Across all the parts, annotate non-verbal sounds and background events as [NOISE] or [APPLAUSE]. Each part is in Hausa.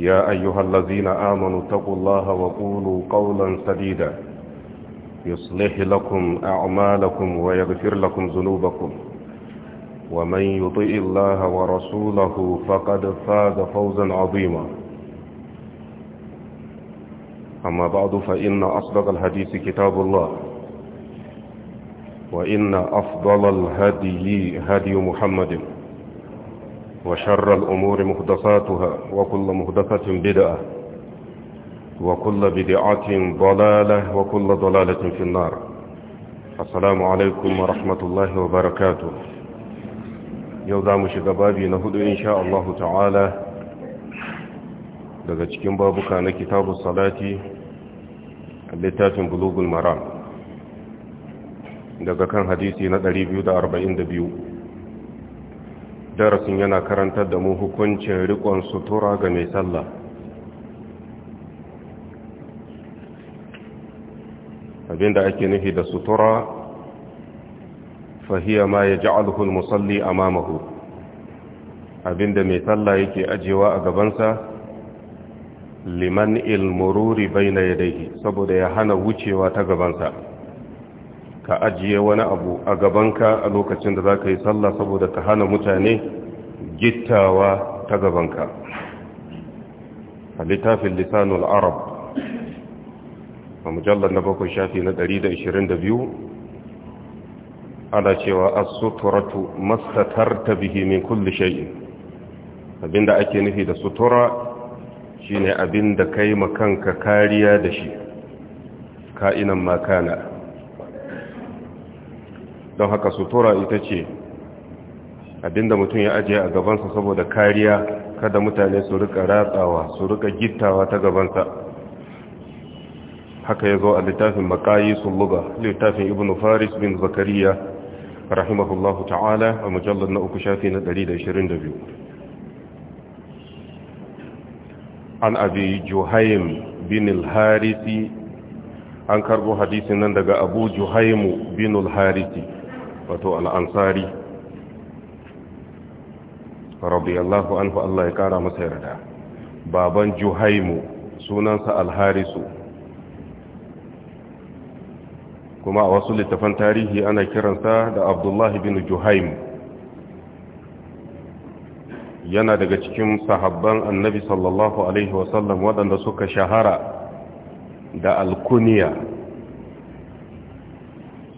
يا أيها الذين آمنوا اتقوا الله وقولوا قولا سديدا يصلح لكم أعمالكم ويغفر لكم ذنوبكم ومن يطئ الله ورسوله فقد فاز فوزا عظيما أما بعد فإن أصدق الحديث كتاب الله وإن أفضل الهدي هدي محمد وشر الأمور مهدساتها وكل مهدسة بدعة وكل بدعة ضلالة وكل ضلالة في النار السلام عليكم ورحمة الله وبركاته يوضع مشغبابي نهد إن شاء الله تعالى daga cikin babuka na kitabun salati littafin bulugul maram daga kan hadisi na 242 darasin yana karantar da mu hukuncin rikon sutura ga mai sallah abinda ake nufi da sutura fahiya ma ya ja'alhul musalli amamahu abinda mai sallah yake ajewa a gabansa liman ilmururi bayna yadayhi saboda ya hana wucewa ta gabansa ka ajiye wani abu a gabanka a lokacin da za ka yi sallah saboda ka hana mutane gittawa ta gabanka a littafin lisanul arab a mujallar na bakwai shafi na 122 ana cewa as-suturatu ta bihi min kulli shay'in abinda ake nufi da sutura shine abinda kai makanka kariya da shi ka'inan makana don haka sutura ita ce abinda mutum ya ajiye a gabansa saboda kariya kada mutane su rika ratsawa su rika gittawa ta gabansa haka ya zo a littafin makayi suluga littafin ibn faris bin zakariya rahimahullahu ta'ala a mujallar na uku shafi na 122 an abi juhaim bin al-harisi an karbo hadisin nan daga abu juhaimu bin al-harisi wato al'ansari an fa Allah ya kara masa yarda baban juhaimu sunansa alharisu kuma a wasu littafan tarihi ana kiransa da abdullahi bin juhaimu yana daga cikin sahabban annabi sallallahu alaihi wasallam waɗanda suka shahara da alkuniya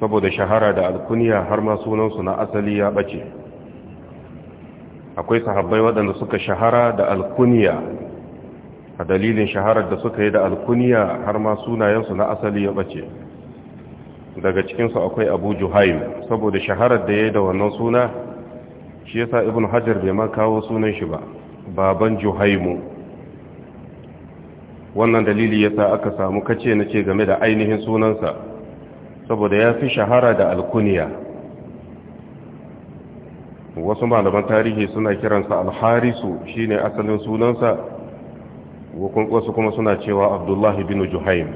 saboda shahara da alkuniya har ma sunansu na asali ya bace akwai sahabbai waɗanda suka shahara da alkuniya a dalilin shaharar da suka yi da alkuniya har ma sunayensu na asali ya bace daga cikinsu akwai abu juhaim saboda shaharar da ya yi da wannan suna shi yasa ibn hajar bai ma kawo sunan shi ba baban juhaimu wannan dalili yasa aka samu kace na ce game da ainihin sunansa saboda ya fi shahara da alkuniya wasu malaman tarihi suna kiransa alharisu shine asalin sunansa wasu kuma suna cewa abdullahi bin juhaim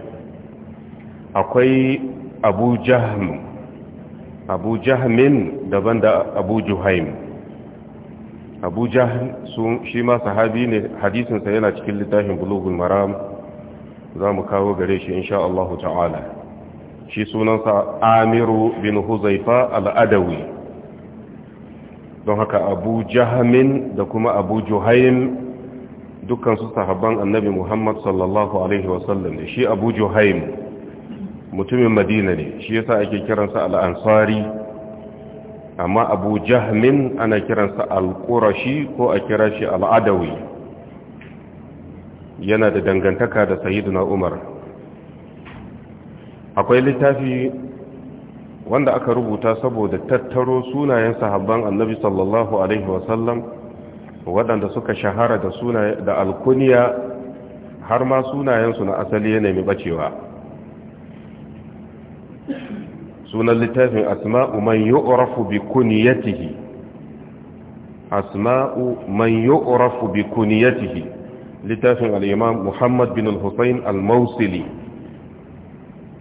akwai abu jahm abu jahmin daban da abu juhaim abu jahm shi ma sahabi ne hadisinsa yana cikin littafin bulugun maram za mu kawo gare shi insha Allah ta'ala shi sunansa amiru bin huzaifa al'adawi don haka abu jahamin da kuma abu juhaim dukansu sahabban annabi muhammad sallallahu alaihi wasallam ne shi abu juhaim mutumin madina ne shi yasa ake kiransa al'ansari amma abu ana kiransa al ko a kira shi al'adawi. yana da dangantaka da sayyidina umar akwai littafi wanda aka rubuta saboda tattaro sunayen sahabban annabi sallallahu alaihi wasallam waɗanda suka shahara da da alkuniya har ma sunayensu na asali ya nemi bacewa sunan littafin asma'u man yu'rafu bi kuniyatihi asma'u man yu'rafu bi kuniyatihi littafin al-imam Muhammad bin al-Husayn al-Mawsili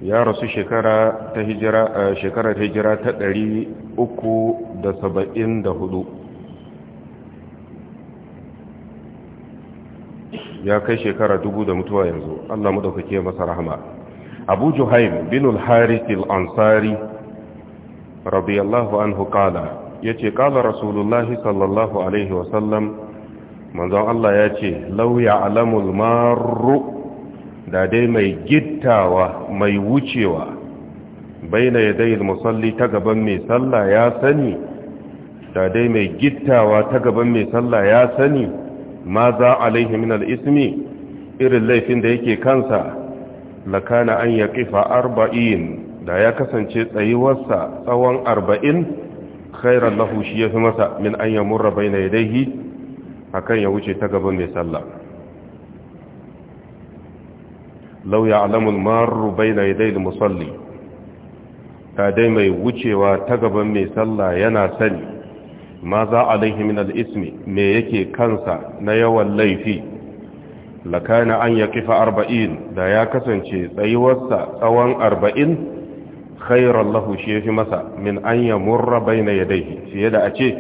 ya rasu shekara ta hijira shekara ta hijira ta 374 ya kai shekara dubu da mutuwa yanzu Allah madaukake masa rahama Abu Juhaym bin al-Harith al-Ansari radiyallahu anhu qala yace qala Rasulullahi sallallahu alaihi wa sallam, manzo Allah yace law ya'lamul marru da dai mai gittawa mai wucewa baina yadayil musalli ta gaban mai sallah ya sani da dai mai gittawa ta gaban mai sallah ya sani ma za alaihi min al-ismi irin laifin da yake kansa lakana an ya arba'in da ya kasance tsayuwarsa tsawon arba'in khairar lahushi shi ya fi masa min an yamurra bai na yadaihi a kan ya wuce ta gaban mai sallah lau ya alamul maru bai na da musalli ta dai mai wucewa ta gaban mai sallah yana sani ma za a laihi al'ismi me yake kansa na yawan laifi lakana an ya kifa arba'in da ya kasance tsayuwarsa tsawon arba'in khairar lahu shi ya fi masa min an ya murra bai na fiye da a ce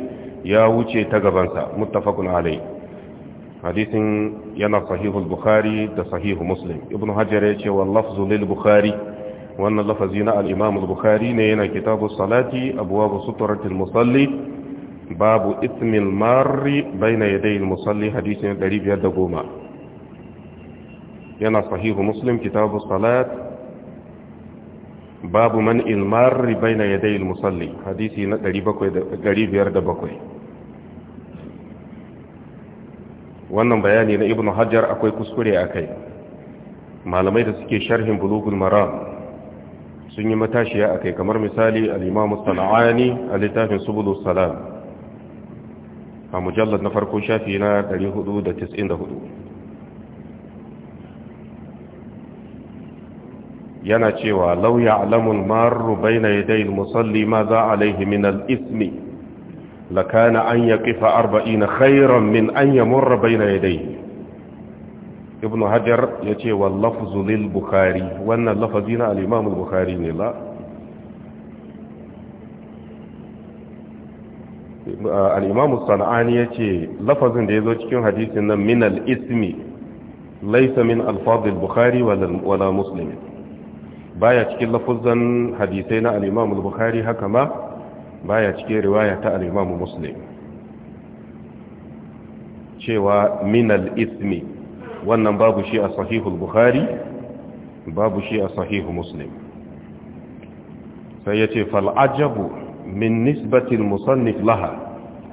ya wuce ta gabansa muttafaqun alai حديث ينا صحيح البخاري ده صحيح مسلم ابن حجر يقول واللفظ للبخاري وأن اللفظ ينا الإمام البخاري نينا كتاب الصلاة أبواب سطرة المصلي باب إثم المار بين يدي المصلي حديث قريب يد قوما ينا صحيح مسلم كتاب الصلاة باب من المار بين يدي المصلي حديث قريب يرد بقوي, wannan bayani na ibn hajjar akwai kuskure a kai malamai da suke sharhin bulugun mara sun yi matashiya a kai kamar misali al'imamu sana'ani a littafin subulu salam a mujallar na farko shafi na 494 yana cewa lauya alamun maru bai na yadda musalli ma za a laihimin al'ismi lakana an ya arba'ina khairan min an ya murra baina yadayhi ibn hajar ya ce wa lafzu lil bukhari wannan lafazi na al-imam bukhari ne la al-imam sanani ya ce lafazin da ya zo cikin hadisin nan ismi laisa min al bukhari wala muslim baya cikin lafuzan hadisai na al-imam bukhari haka ma baya cikin riwaya ta Alimamu Muslim cewa Minal ismi wannan babu shi a sahihul Bukhari babu shi a sahihu Muslim sai yace ce fal'ajabu min nisbati al-musannif laha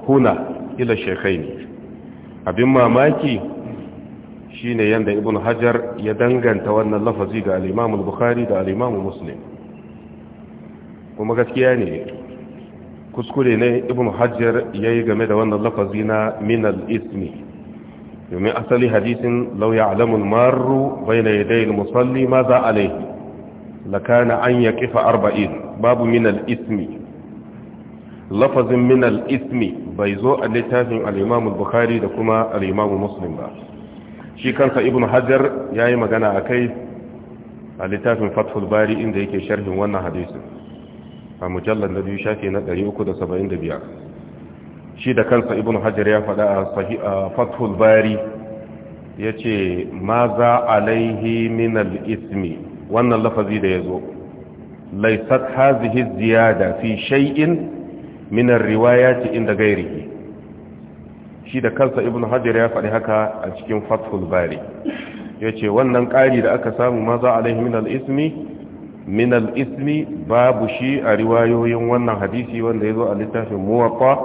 huna ila abin mamaki shine yanda ibn hajar ya danganta wannan lafazi ga al bukhari da al-imam muslim kuma gaskiya ne kuskure ne ibn hajjar ya yi game da wannan lafazi na minal ismi domin asali hadisin lauya alamun maru bai na yadda musalli ma za a laihi lakana an ya kifa arba'in babu minal ismi lafazin minal ismi bai zo a littafin al'imamun bukari da kuma al'imamun muslim ba shi kansa ibn hajjar ya yi magana a kai a littafin fathul bari inda yake sharhin wannan hadisin a mujallar na biyu shafi na 375 shi da kansa ibn Hajjar ya faɗa a fathul bari ya ce ma za alaihi minal ismi wannan lafazi da ya zo laisat hazihi ziyada fi shay'in minar riwayati inda gairihi shi da kansa ibn hajar ya faɗi haka a cikin fathul bari ya ce wannan ƙari da aka samu ma za alaihi minal ismi min ismi babu shi a riwayoyin wannan hadisi wanda ya zo a littafin muwatta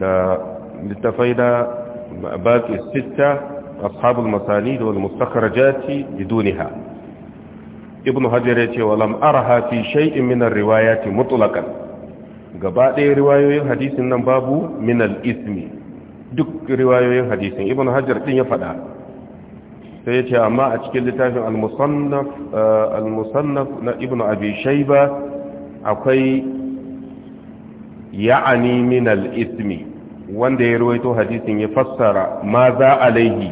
da littafai da baki sitta ashabul masani da wal mustakharajati bidunha ibn hajar yace wa lam araha fi shay'in ce ar-riwayati mutlaqan gaba ɗaya riwayoyin hadisin nan babu min ismi duk riwayoyin hadisin ibn hajar din ya faɗa sai ya ce amma a cikin littafin al-musannaf eh, na ibn abi shaiba akwai ya'ani min al-ismi wanda ya ruwaito hadisin ya fassara ma za alaihi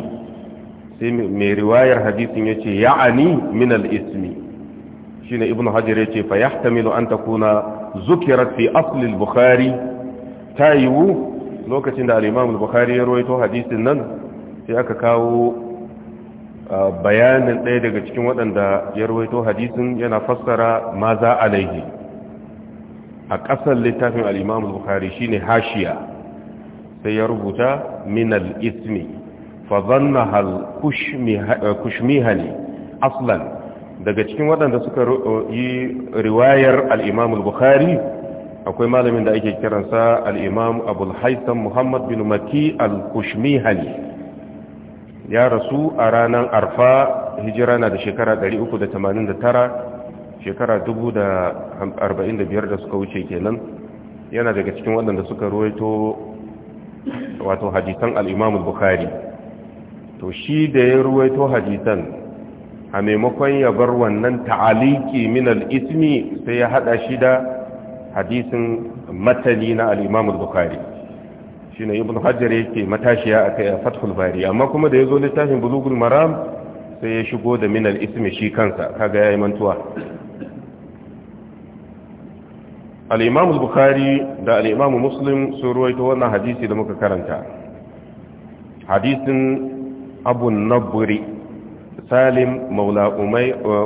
sai mai riwayar hadisin ya ce ya'ani min al-ismi shine ibn hajar ya ce fa yahtamilu an takuna zukirat fi asli al-bukhari ta yiwu lokacin da al bukhari ya ruwaito hadisin nan sai aka kawo bayanin ɗaya daga cikin waɗanda ya rawaito hadisin yana fassara ma za alaihi a ƙasar littafin al'imamu bukari shi ne hashiya sai ya rubuta minal ismi fazanna hal eh, kushmiha ne aslan daga cikin waɗanda suka eh, yi riwayar al'imamu bukari akwai malamin da ake kiransa al'imamu abulhaisan muhammad bin maki al-kushmiha ne ya rasu a ranar arfa hijira na da shekara 389 shekara 1045 da suka wuce kenan yana daga cikin waɗanda suka ruwaito wato hadisan al'imamun bukari to shi da ya ruwaito hadisan a maimakon ya bar wannan ta'aliki min al'ismi sai ya haɗa shi da hadisin matani na al'imamun bukari shine ibn hajar yake matashiya a kai a fathul bari amma kuma da ya zo littafin bulugul maram sai ya shigo da min ismi shi kansa kaga yayi mantuwa al imam al bukhari da al imam muslim sun ruwaito wannan hadisi da muka karanta hadisin abu nabri salim maula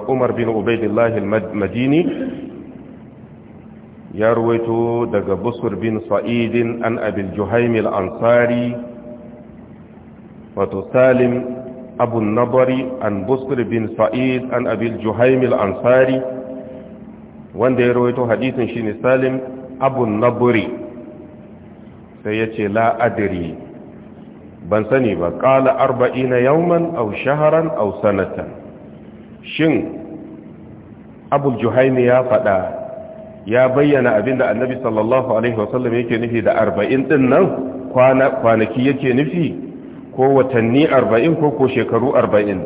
umar bin ubaidillah madini ya ruwaito daga busur bin sa'idin an abil juhaimil ansari wato salim abu nabari an busur bin sa'id an abil juhaimil ansari wanda ya ruwaito hadisin shi ne salim abu nabari sai ya ce la'adiri ban sani ba ƙala arba'ina yauman au shaharan au sanatan shin abu juhaimi ya faɗa ya bayyana abin da annabi sallallahu alaihi wasallam yake nufi da arba'in din nan kwanaki yake nufi ko watanni arba'in ko ko shekaru arba'in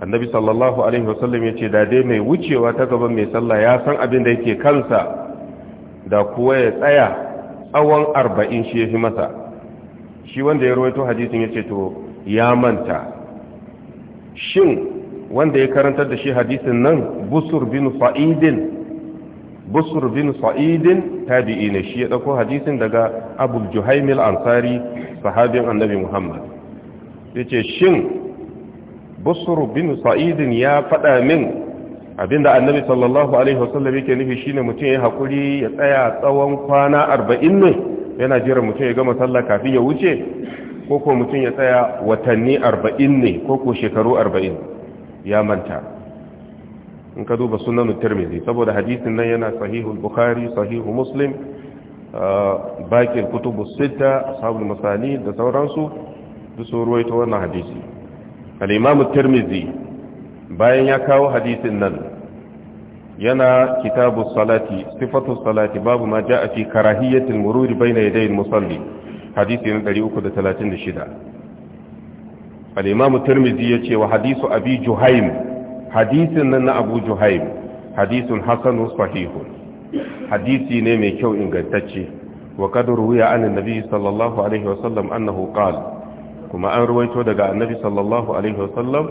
annabi sallallahu alaihi wasallam ya ce da dai mai wucewa ta gaban mai sallah ya san abin da yake kansa da kuwa ya tsaya tsawon arba'in shi ya fi masa shi wanda ya rawaito hadisin ya ce to ya manta shin wanda ya karantar da shi hadisin nan busur bin fa'idin busur bin sa'idin tabi'i ne shi ya dauko hadisin daga abu juhaimil ansari sahabin annabi muhammad yace shin busur bin sa'idin ya faɗa min abinda annabi sallallahu alaihi wasallam yake nufi shine mutum ya hakuri ya tsaya tsawon kwana arba'in ne yana jiran mutum ya gama sallah kafin ya wuce ko ko mutum ya tsaya watanni arba'in ne ko ko shekaru arba'in ya manta in ka duba sunan tirmidhi saboda hadisin nan yana sahihul bukhari sahihu muslim uh, bakin kutubu sita ashabul masani da sauransu duk sun ruwaito wannan hadisi al-imam tirmidhi bayan ya kawo hadisin nan yana kitabu salati sifatu salati babu ma jaa fi karahiyatil murur bayna yaday al-musalli hadisi na 336 al-imam tirmidhi yace wa hadisu abi juhaym hadisin nan na abu juhaim hadisun hasanu sahihun hadisi ne mai kyau ingantacce wa kadru an annabi sallallahu alaihi wasallam annahu qala kuma an ruwaito daga annabi sallallahu alaihi wasallam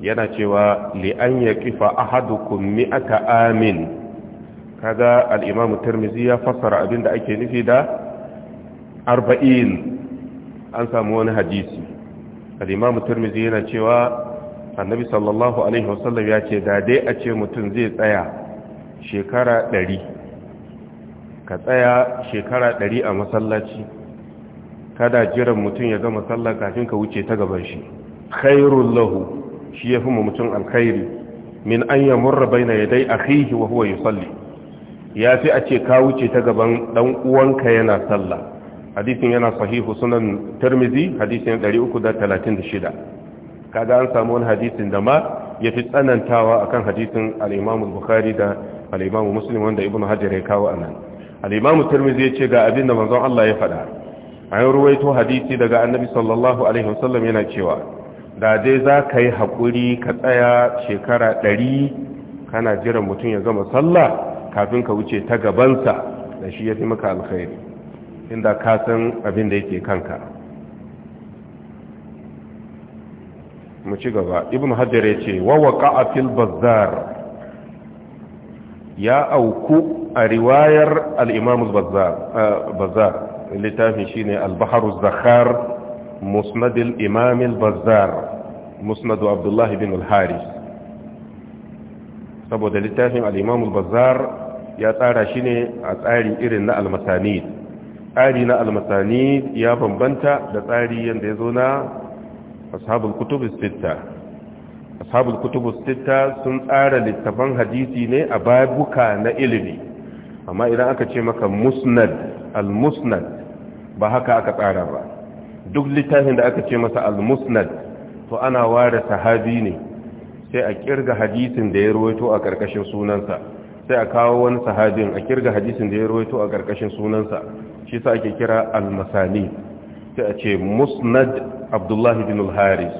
yana cewa li an yaqifa ahadukum mi'ata amin kaga al-imam ya fassara abinda ake nufi da 40 an samu wani hadisi al-imam tirmizi yana cewa annabi sallallahu alaihi wasallam ya ce da dai a ce mutum zai tsaya shekara ɗari ka tsaya shekara ɗari a masallaci kada jiran mutum ya gama sallah kafin ka wuce ta gaban shi khairul lahu shi yafi mu mutum alkhairi min an yamurra baina yaday akhihi wa huwa yusalli yafi a ce ka wuce ta gaban dan uwanka yana sallah hadisin yana sahihu sunan tirmidhi hadisin 336 kaga an samu wani hadisin da ma ya fi tsanantawa akan hadisin al-Imam da al wanda Ibn Hajjar ya kawo anan al-Imam ya ce ga abin da manzon Allah ya faɗa a an ruwaito hadisi daga Annabi sallallahu alaihi wasallam yana cewa da dai za ka yi haƙuri ka tsaya shekara ɗari kana jiran mutum ya gama sallah kafin ka wuce ta gabansa da shi ya fi maka alkhairi inda ka san abin da yake kanka mu ci gaba ibn hajar ya ce wa waqa'a fil ya auku a riwayar al eh, bazar littafin shi ne shine al-bahr zakhar musnad al-imam al-bazzar abdullah al-haris saboda littafin al bazar ya tsara shi ne a tsari irin na al-masanid tsari na al ya bambanta da tsari yanda ya zo na ashabul kutubus sita ashabul kutubus sita sun tsara littafan hadisi ne a babuka na ilimi amma idan aka ce maka musnad al-musnad ba haka aka tsara ba duk littafin da aka ce masa al-musnad to ana ware sahabi ne sai a kirga hadisin da ya ruwaito a karkashin sunansa sai a kawo wani sahabin a kirga hadisin da ya ruwaito a karkashin sunansa shi sa ake kira al-masani sai a ce musnad abdullahi bin al-haris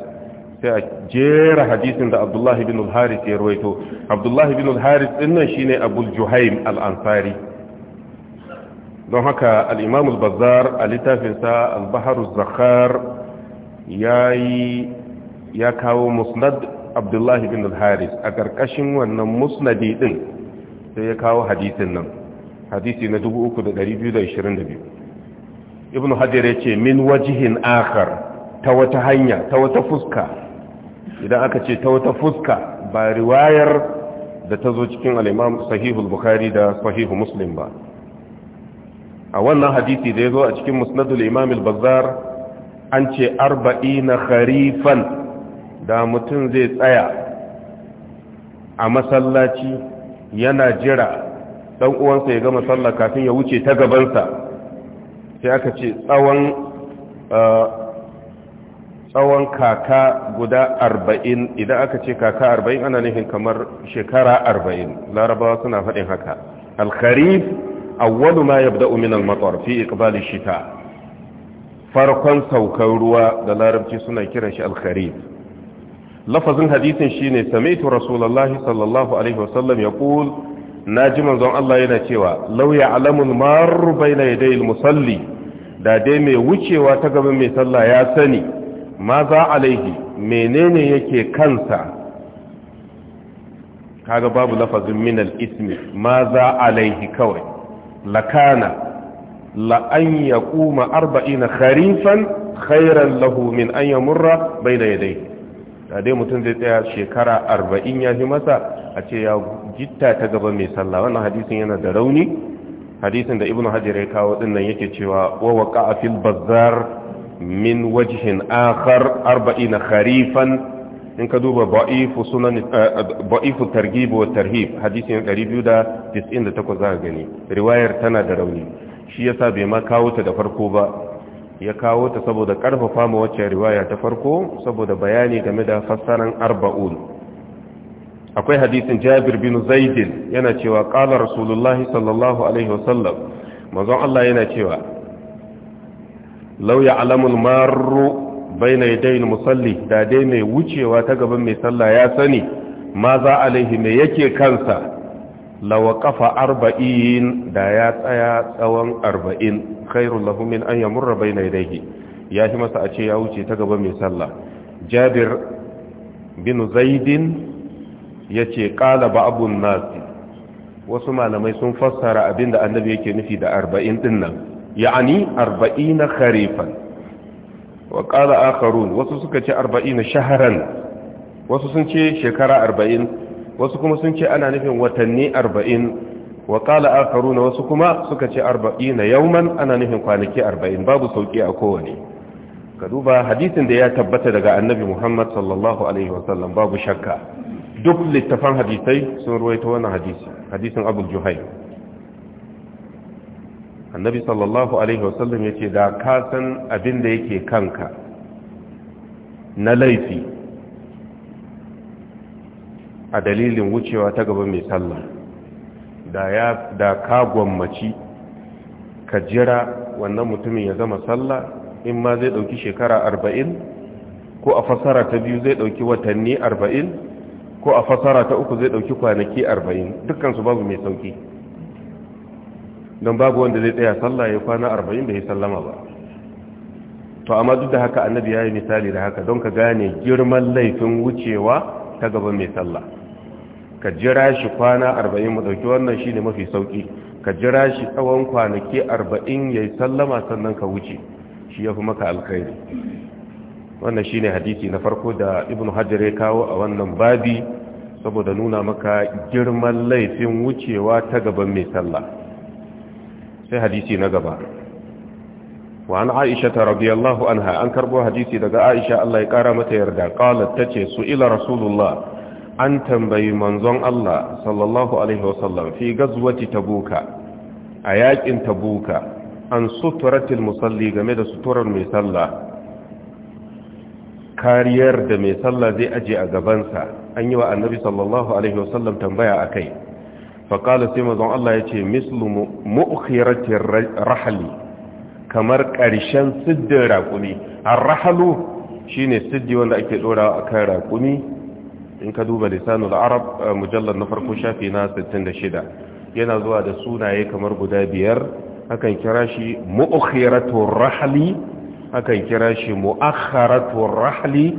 sai a jera hadisin da abdullahi bin al-haris ya ruwaito abdullahi bin al-haris dinnan shine abul juhaim al-ansari don haka al-imam al-bazzar a littafinsa al-bahar az-zakhar yayi ya kawo musnad abdullahi bin al-haris a karkashin wannan musnadi din sai ya kawo hadisin nan hadisi na 3222 ibn hajar ya ce min wajihin akhar ta wata hanya ta wata fuska idan aka ce ta wata fuska ba riwayar da ta zo cikin al'imam sahihul bukhari da sahihu muslim ba a wannan hadisi da ya zo a cikin musnadul imam al-bazzar an ce arba'i na kharifan da mutum zai tsaya a masallaci yana jira ɗan uwansa ya gama sallah kafin ya wuce ta gabansa sai aka ce tsawon eh, tsawon kaka guda arba'in idan aka ce kaka arba'in ana nufin kamar shekara arba'in larabawa suna faɗin haka alkharif awwalu ma yabda'u min al-matar fi iqbali shita farkon saukan ruwa da larabci suna kiran shi alkharif lafazin hadisin shine sami'tu rasulullahi sallallahu alaihi wasallam yaqul naji manzon Allah yana cewa law ya'lamu al-marru bayna yaday al-musalli da dai mai wucewa ta gaban mai sallah ya sani ma za alaihi menene yake kansa kaga babu lafazin minal ismi ma za alaihi kawai lakana la'an ya kuma arba'ina kharifan khairan lahu min an ya murra bai da yadai da dai mutum zai tsaya shekara arba'in ya fi masa a ce ya jitta ta gaba mai sallah wannan hadisin yana da rauni hadisin da ibnu hajar ya kawo dinnan yake cewa wa a fil bazar. min wajihin akhar 40 kharifan in ka duba ba'ifu sunan ba'ifu eh, targhib wa tarhib hadisin 298 za gani riwayar tana da rauni shi yasa bai ma kawo ta da farko ba ya kawo ta saboda karfafa ma wacce riwaya ta farko saboda bayani game da fassaran arba'un akwai hadisin jabir bin zaidin yana cewa ƙalar rasulullahi sallallahu alaihi wasallam mazan Allah yana cewa lauya alamun maru bai na yadayin musalli da dai mai wucewa ta gaban mai sallah ya sani ma za alaihi mai yake kansa lawa kafa arba'in da ya tsaya tsawon arba'in khairun lahumin an murra bai na yadayi ya shi masa a ce ya wuce ta gaban mai sallah jabir bin zaidin ya ce ƙala ba abun nasi wasu malamai sun fassara abinda annabi yake nufi da arba'in ɗinnan. nan ya'ani arba'ina kharifan wa qala akharun wasu suka ce arba'ina shahran wasu sun ce shekara arba'in wasu kuma sun ce ana nufin watanni arba'in wa qala akharuna wasu kuma suka ce arba'ina yawman ana nufin kwanaki arba'in babu sauki a kowane ka hadisin da ya tabbata daga annabi Muhammad sallallahu alaihi wasallam babu shakka duk littafan hadisai sun ruwaito wannan hadisi annabi sallallahu alaihi wasallam ya ce da ka san abin da yake kanka na laifi a dalilin wucewa ta gaba mai sallah da ka gwammaci ka jira wannan mutumin ya zama sallah in ma zai dauki shekara arba'in ko a fasara ta biyu zai dauki watanni arba'in ko a fasara ta uku zai dauki kwanaki arba'in dukansu babu mai sauki don babu wanda zai tsaya sallah ya kwana arba'in da ya sallama ba to amma duk da haka annabi ya yi misali da haka don ka gane girman laifin wucewa ta gaban mai sallah ka jira shi kwana arba'in mu ɗauki wannan shi ne mafi sauki ka jira shi tsawon kwanaki arba'in ya sallama sannan ka wuce shi ya fi maka alkhairi wannan shi ne hadisi na farko da ibn hajjar ya kawo a wannan babi saboda nuna maka girman laifin wucewa ta gaban mai sallah sai hadisi na gaba wa an aisha ta radiyallahu anha an karbo hadisi daga aisha Allah ya kara mata yarda qalat tace su ila rasulullah an tambayi manzon Allah sallallahu alaihi wasallam fi gazwati tabuka a yakin tabuka an suturatil musalli game da suturar mai sallah kariyar da mai sallah zai aje a gabansa an yi wa annabi sallallahu alaihi wasallam tambaya akai faƙala sai mazan Allah ya ce mislu mu'khiratin rahali kamar ƙarshen siddin rakumi a rahalu shi ne siddi wanda ake ɗora a kan raƙumi in ka duba lisanul arab mujallar na farko shafi na 66 yana zuwa da sunaye kamar guda biyar akan kira shi mu'khiratul rahali akan kira shi mu'akharatul rahali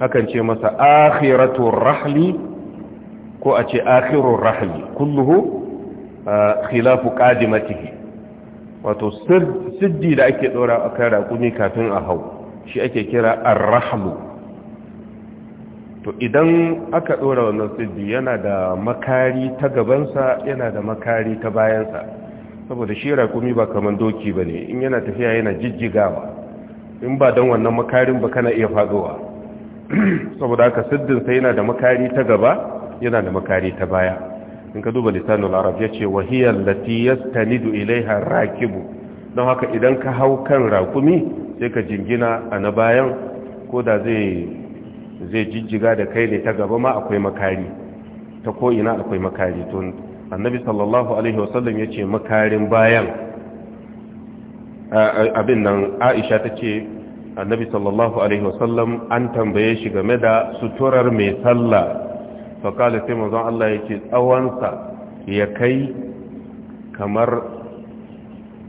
akan ce masa akhiratul rahali ko a ce akhirur rahmi kulluhu khilafu qadimatihi wato siddi da ake dora a kan raƙumi kafin a hau shi ake kira arrahmu to idan aka dora wannan siddi yana da makari ta gabansa yana da makari ta bayansa saboda shi raƙumi ba kaman doki ba ne in yana tafiya yana jijjigawa in ba don wannan makarin ba kana iya faɗowa [CLEARS THROAT] saboda haka sai yana da makari ta gaba yana da makari ta baya in ka duba lisanul arab yace wahiyar lati yastanidu ilaiha rakibu don haka idan ka hau kan rakumi sai ka jingina a na bayan ko da zai jijjiga da kai ne ta gaba ma akwai makari ta ko ina akwai makari to annabi sallallahu alaihi wasallam yace makarin bayan abin nan Aisha tace annabi sallallahu alaihi wasallam an tambaye shi game da suturar mai sallah faƙali sai mazan Allah ya ce tsawonsa ya kai kamar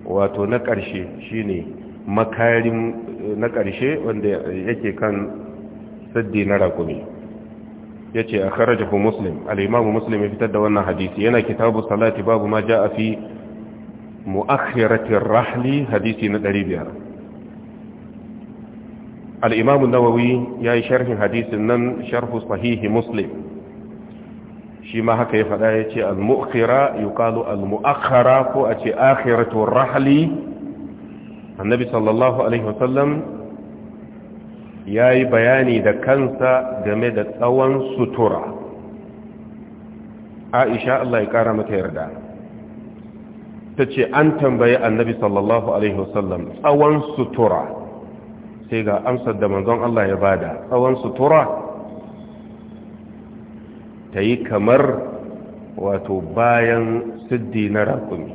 wato na ƙarshe shi ne makarin eh, na ƙarshe wanda yake kan saddi na rakumi ya ce a kharajahu muslim al'imamu muslim ya fitar da wannan hadisi yana kitabu salati babu ma ja a fi mu'akhiratin rahli hadisi na 500 nawawi ya yi sharhin hadisin nan sharhu sahihi muslim shi ma haka ya faɗa ya ce al-mu'khira al-mu'akhkhara ko a ce akhiratu rahali annabi sallallahu alaihi wasallam yayi bayani da kansa game da tsawon sutura Aisha Allah ya ƙara mata yarda tace an tambaye annabi sallallahu alaihi wasallam tsawon sutura sai ga amsar da manzon Allah ya bada tsawon sutura ta yi kamar wato bayan siddi na raƙumi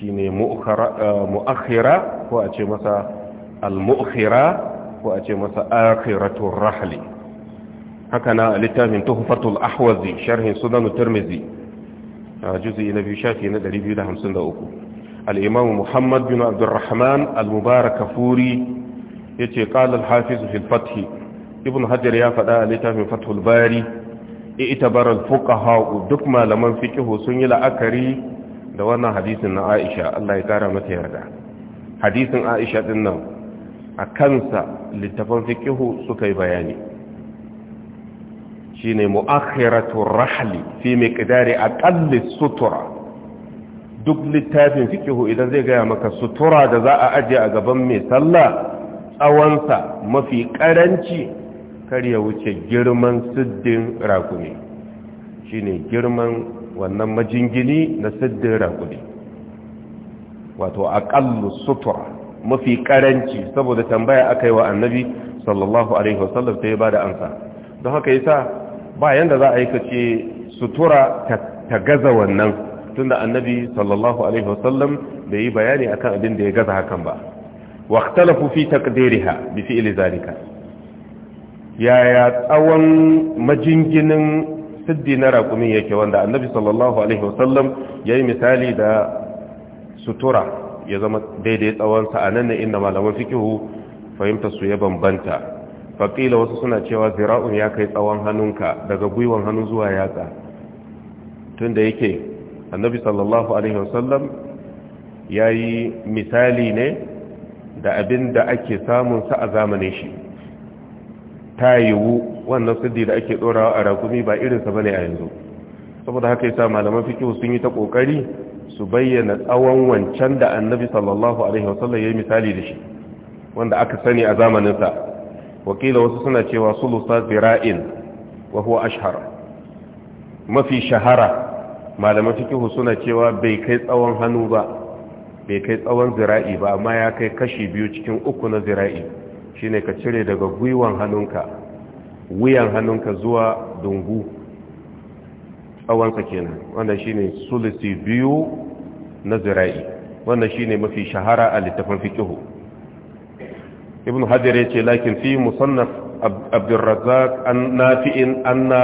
shi ne eh, mu'akhira ko a ce masa al-mu'akhira ko a ce masa akhiratun rahali haka na littafin tuhufatul ahwazi sharhin sunan turmizi a juzi na biyu shafi na 253 al'imam muhammad bin abdurrahman al-mubarak kafuri ya ce ƙalar hafizu fil ibn hajjar ya faɗa a littafin fathul bari fuka fuqaha duk malaman fikihu sun yi la'akari da wannan hadisin na Aisha Allah ya kara mata yarda hadisin Aisha din nan a kansa littafan fikihu suka yi bayani shine mu'akhiratu rahli fi a aqalli sutura duk littafin fikihu idan zai gaya maka sutura da za a ajiye a gaban mai sallah tsawonsa mafi ƙaranci. kar ya wuce girman siddin rakuni shine girman wannan majingini na siddin rakuni wato aqallu sutura mafi ƙaranci saboda tambaya aka yi wa annabi sallallahu alaihi wasallam sai ba da amsa don haka yasa ba yanda za a yi kace sutura ta gaza wannan tunda annabi sallallahu alaihi wasallam bai yi bayani akan abin da ya gaza hakan ba fi taqdiriha bi fi'li zalika yaya tsawon majinginin siddi na rakumin yake wanda annabi sallallahu alaihi wasallam ya yi misali da sutura ya zama daidai tsawonsa a nan inda malaman fikihu su ya bambanta faƙila wasu suna cewa zira'un ya kai tsawon hannunka daga gwiwan hannu zuwa yatsa tun da yake annabi sallallahu alaihi wasallam ya yi misali ne da abin da ake samunsa a zamanin shi ta yiwu wannan siddi da ake dorawa a rakumi ba irinsa ba ne a yanzu saboda haka yasa malaman fikihu sun yi ta ƙoƙari su bayyana tsawon wancan da annabi sallallahu alaihi wasallam ya yi misali da shi wanda aka sani a zamaninsa wakila wasu suna cewa sulusa zira'in wa huwa ashhar mafi shahara malaman fikihu suna cewa bai kai tsawon hannu ba bai kai tsawon zira'i ba amma ya kai kashi biyu cikin uku na zira'i shine ka cire daga gwiwan hannunka wuyan hannunka zuwa dungu tsawonsa kenan wannan shine sulisi biyu na zira'i wannan shine mafi shahara a littafin fikihu ibn hajar ya ce lakin fi musannaf abdurrazak an nafi'in anna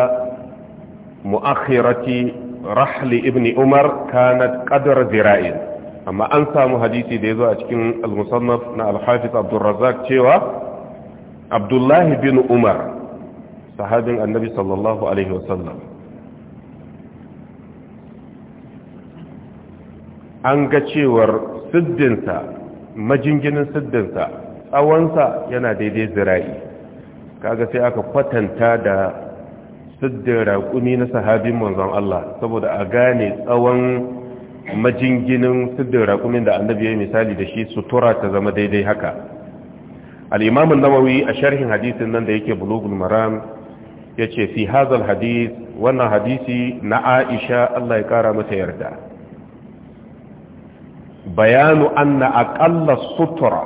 mu'akhirati rahli ibn umar kanat qadar zira'in amma an samu hadisi da yazo a cikin al-musannaf na al-hafiz abdurrazak cewa abdullahi bin umar sahabin annabi sallallahu alaihi wasallam an ga cewar siddinsa majinginin siddinsa tsawonsa yana daidai zira'i kaga sai aka kwatanta da siddin raƙumi na sahabin manzon Allah saboda a gane tsawon majinginin siddin raƙumin da annabi ya yi misali da shi sutura ta zama daidai haka al-imam an a sharhin hadisin nan da yake bulugul maram yace fi hadhal hadith wannan hadisi na Aisha Allah ya kara mata yarda bayanu anna aqalla sutura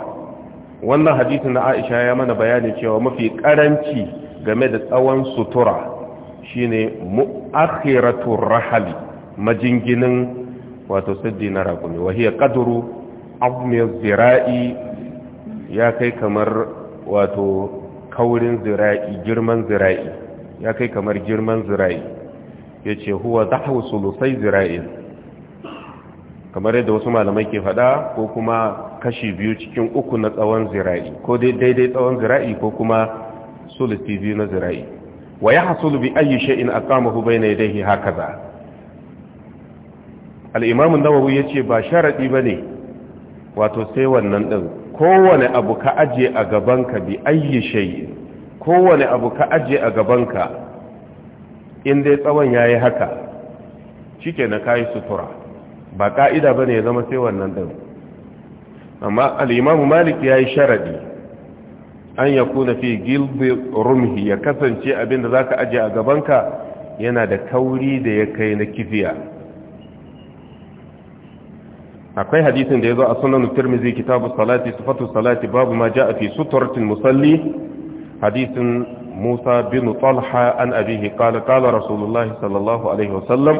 wannan hadisi na Aisha ya mana bayani cewa mafi karanci game da tsawon sutura shine mu'akhiratur rahali majinginan wato siddi na raƙumi wa hiya qadru azmi zira'i ya kai kamar wato kaurin zira'i girman zira'i ya kai kamar girman zira'i ya ce huwa zahu sulusai zira'i kamar yadda wasu malamai ke fada ko kuma kashi biyu cikin uku na tsawon zira'i ko daidai tsawon zira'i ko kuma sulusi biyu na zira'i wa ya hasulu bi ayi shay'in aqamahu na yadayhi haka za al'imamun an ya ce ba ba ne wato sai wannan ɗin. kowane abu ka aje a gabanka bi ayyi shay'in kowane abu ka aje a gabanka in dai tsawon yayi haka na kai sutura ba ka'ida bane ya zama sai wannan din amma al-Imam Malik yayi sharadi an ya kuna fi gilbi rumhi ya kasance abinda zaka ajiye a gabanka yana da kauri da ya kai na kifiya akwai hadisin da ya zo a sunan tirmizi kitabu salati sifatu salati babu ma ja'a fi suturatin musalli hadisin musa bin talha an abihi qala qala rasulullah sallallahu alaihi wasallam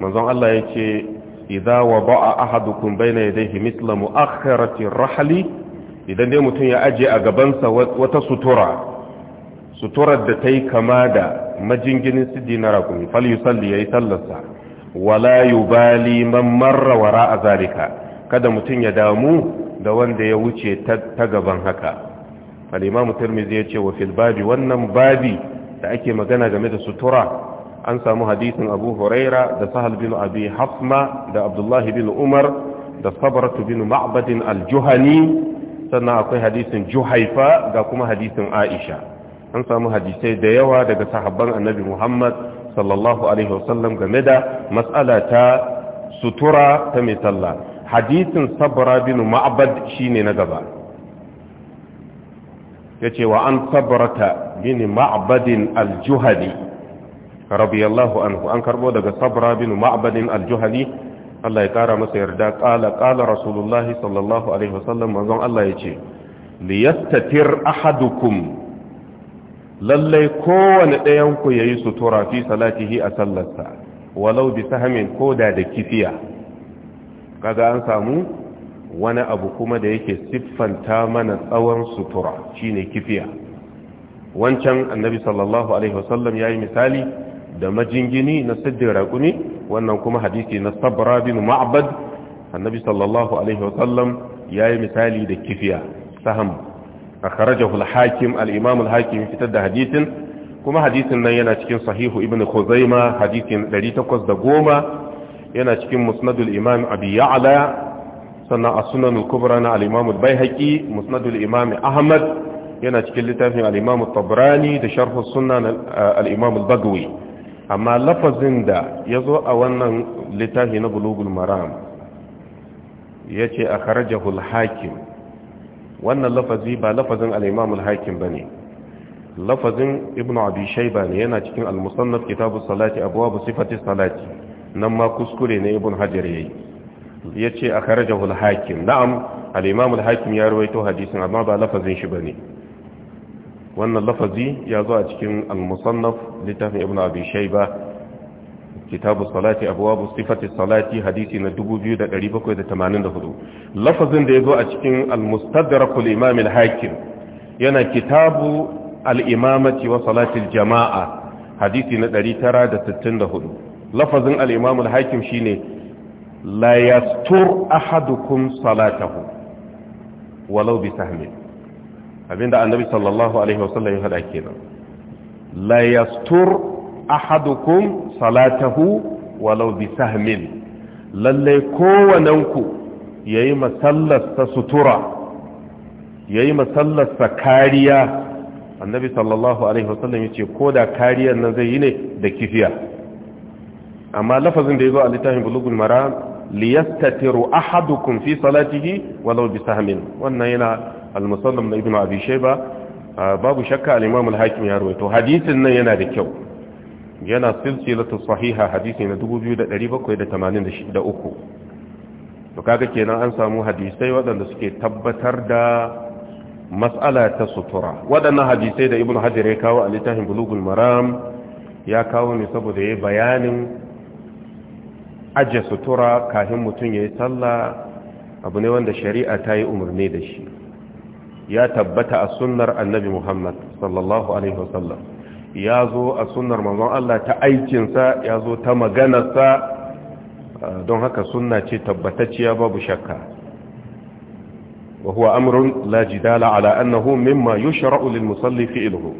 manzon Allah yace idza wada'a ahadukum bayna yadayhi mithla mu'akhkharati rahli idan dai mutum ya aje a gabansa wata sutura suturar da ta yi kama da majinginin siddi na rakumi fal yusalli yayi sallarsa wala yubali man marra wara a zalika kada mutum ya damu da wanda ya wuce ta gaban haka al'imamu turmizi ya ce wa filbabi wannan babi da ake magana game da sutura an samu hadisin abu huraira da sahal bin abi hafma da abdullahi bin umar da sabaratu bin ma'badin aljuhani sannan akwai hadisin juhaifa ga kuma hadisin aisha an samu hadisai da yawa daga sahabban annabi muhammad sallallahu alaihi wasallam game da matsala ta sutura ta mai sallah hadisin sabra bin ma'bad shine na gaba yace wa an sabrata bin ma'badin al-juhali radiyallahu anhu an karbo daga sabra bin ma'badin al-juhali Allah ya kara masa yarda qala qala rasulullahi sallallahu alaihi wasallam manzon Allah yace liyastatir ahadukum lallai kowane ɗayanku ya yi sutura fi salatihi a sallarsa walau bi sahamin koda da kifiya kaga an samu wani abu kuma da yake siffanta mana tsawon sutura shine kifiya wancan annabi sallallahu alaihi wasallam yayi misali da majingini na siddin raƙuni wannan kuma hadisi na sabra bin ma'bad annabi sallallahu alaihi wasallam yi misali da kifiya saham akhrajahu al-hakim al-imam hakim fitar da hadisin kuma hadisin nan yana cikin sahihu ibn khuzaima hadisin goma yana cikin musnadul imam abi ya'la sannan a sunan al-kubra na al-imam al-baihaqi ahmad yana cikin littafin al tabrani da sharh as-sunan al-imam al-bagawi amma lafazin da zo a wannan littafi na bulugul maram yace akhrajahu al-hakim wannan lafazi ba lafazin al-imam al-hakim bane lafazin ibn abi shayba ne yana cikin al-musannaf kitab as-salati abwab sifati as-salati nan ma kuskure ne ibn hajar yayi yace akhrajahu al-hakim na'am al-imam al-hakim ya rawaito hadisin amma ba lafazin shi bane wannan lafazi ya zo a cikin al-musannaf littafin ibn abi shayba kitabu salati abuwabu sifati salati hadisi na 2784 lafazin da ya zo a cikin al-mustadrakul imam al-hakim yana kitabu al-imamati wa salatil jama'a hadisi na 964 lafazin al-imam al-hakim shine la yastur ahadukum salatahu walau bi sahmin abinda annabi sallallahu alaihi wasallam ya hada kenan la yastur ahadukum salatahu walau bi sahmin lalle kowananku yayi masallasta sutura yayi masallarsa kariya annabi sallallahu alaihi wasallam yace koda kariyar nan zai yi ne da kifiya amma lafazin da yazo a littafin bulugul maram liyastatiru ahadukum fi salatihi walau bi sahmin wannan yana al-musannaf na ibnu abi shayba babu shakka al-imam al-hakim ya rawaito hadisin nan yana da kyau yana silsilatu sahiha hadisi na 2783 to kaga kenan an samu hadisai waɗanda suke tabbatar da mas'ala ta sutura waɗannan hadisai da ibnu hajar ya kawo a littafin bulugul maram ya kawo ne saboda ya bayanin ajiye sutura kafin mutum ya yi sallah abu ne wanda shari'a ta yi umarni da shi ya tabbata a sunnar annabi muhammad sallallahu alaihi wasallam ya zo a sunnar manzon Allah ta aikinsa ya zo ta maganarsa don haka sunna ce tabbatacciya babu shakka wa huwa amrun la ala annahu mimma yushra'u lil musalli ilhu,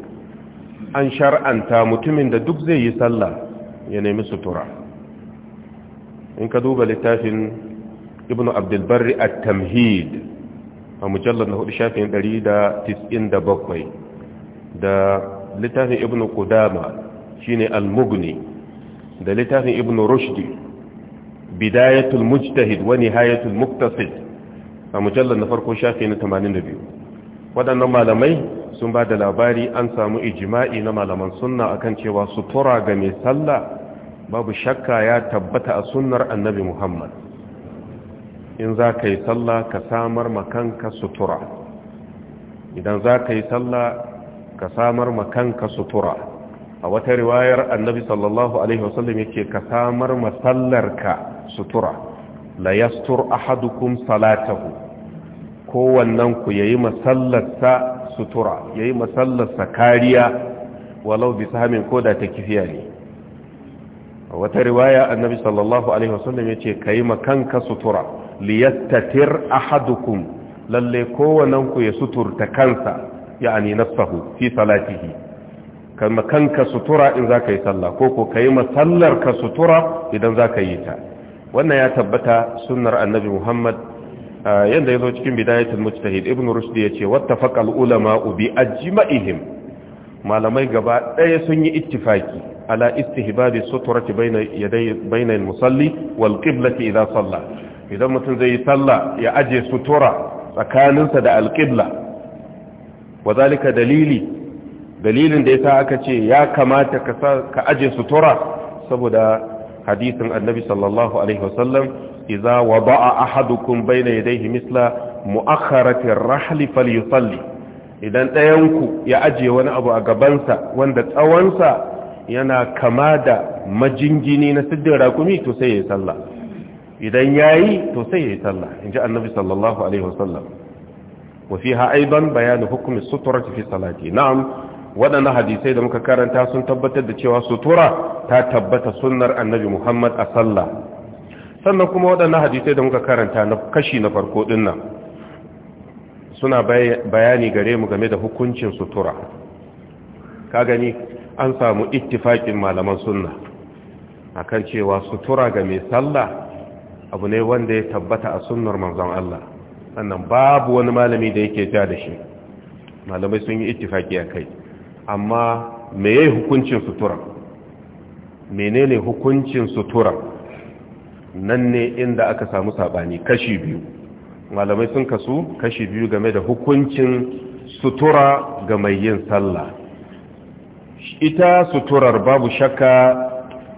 an shar'anta mutumin da duk zai yi sallah ya nemi sutura in ka duba littafin ibn abdul barri at-tamhid a mujallar na 4 shafin 197 da littafin ibn qudama shine al-mughni da littafin ibn rushd bidayatul mujtahid wa nihayatul muqtasid a mujallar na farko shafi na 82 waɗannan malamai sun ba da labari an samu ijma'i na malaman sunna akan cewa sutura ga mai sallah babu shakka ya tabbata a sunnar annabi muhammad in za ka yi sallah ka samar makanka sutura idan za ka yi sallah ka samar ma kanka sutura a wata riwayar annabi sallallahu alaihi wasallam yake ka samar ma sallarka sutura la yastur ahadukum salatahu kowannan ku yayi masallarsa sutura yayi masallarsa kariya walau bi sahamin da ta kifiya ne a wata riwaya annabi sallallahu alaihi wasallam yace kayi ma kanka sutura liyattatir ahadukum lalle kowannan ku ya suturta kansa yani nafsahu fi salatihi kama kanka sutura in zaka yi sallah ko ko kai masallar ka sutura idan zaka yi ta wannan ya tabbata sunnar annabi Muhammad yanda yazo cikin bidayatul mujtahid ibn rushd yace wattafaqal ulama bi ajma'ihim malamai gaba ɗaya sun yi ittifaki ala istihbabi suturati bayna yaday bayna al-musalli wal qiblati idha salla idan mutum zai yi sallah ya aje sutura tsakaninsa da al-qibla Wazalika dalili dalilin da yasa aka ce ya kamata ka ka aje sutura saboda hadisin annabi sallallahu alaihi wasallam idza wada'a ahadukum bayna yadayhi misla mu'akhkharati ar-rahl falyusalli idan ɗayanku ya aje wani abu a gabansa wanda tsawonsa yana kama da majingini na siddin rakumi to sai ya yi sallah idan ya yi to sai ya yi sallah in ji annabi sallallahu alaihi wasallam وفيها أيضا بيان حكم السطرة في صلاة نعم waɗannan hadisai da muka karanta sun tabbatar da cewa sutura ta tabbata sunnar annabi Muhammad a sallah sannan kuma waɗannan hadisai da muka karanta na kashi na farko dinnan suna bayani gare mu game da hukuncin sutura ka gani an samu ittifaƙin malaman sunna akan cewa sutura ga mai sallah abu ne wanda ya tabbata a sunnar manzon Allah sannan babu wani malami da yake ja da shi malamai sun yi ittifaki a kai amma me yi hukuncin sutura menene hukuncin sutura nan ne inda aka samu sabani kashi biyu malamai sun kasu kashi biyu game da hukuncin sutura ga mai yin sallah ita suturar babu shakka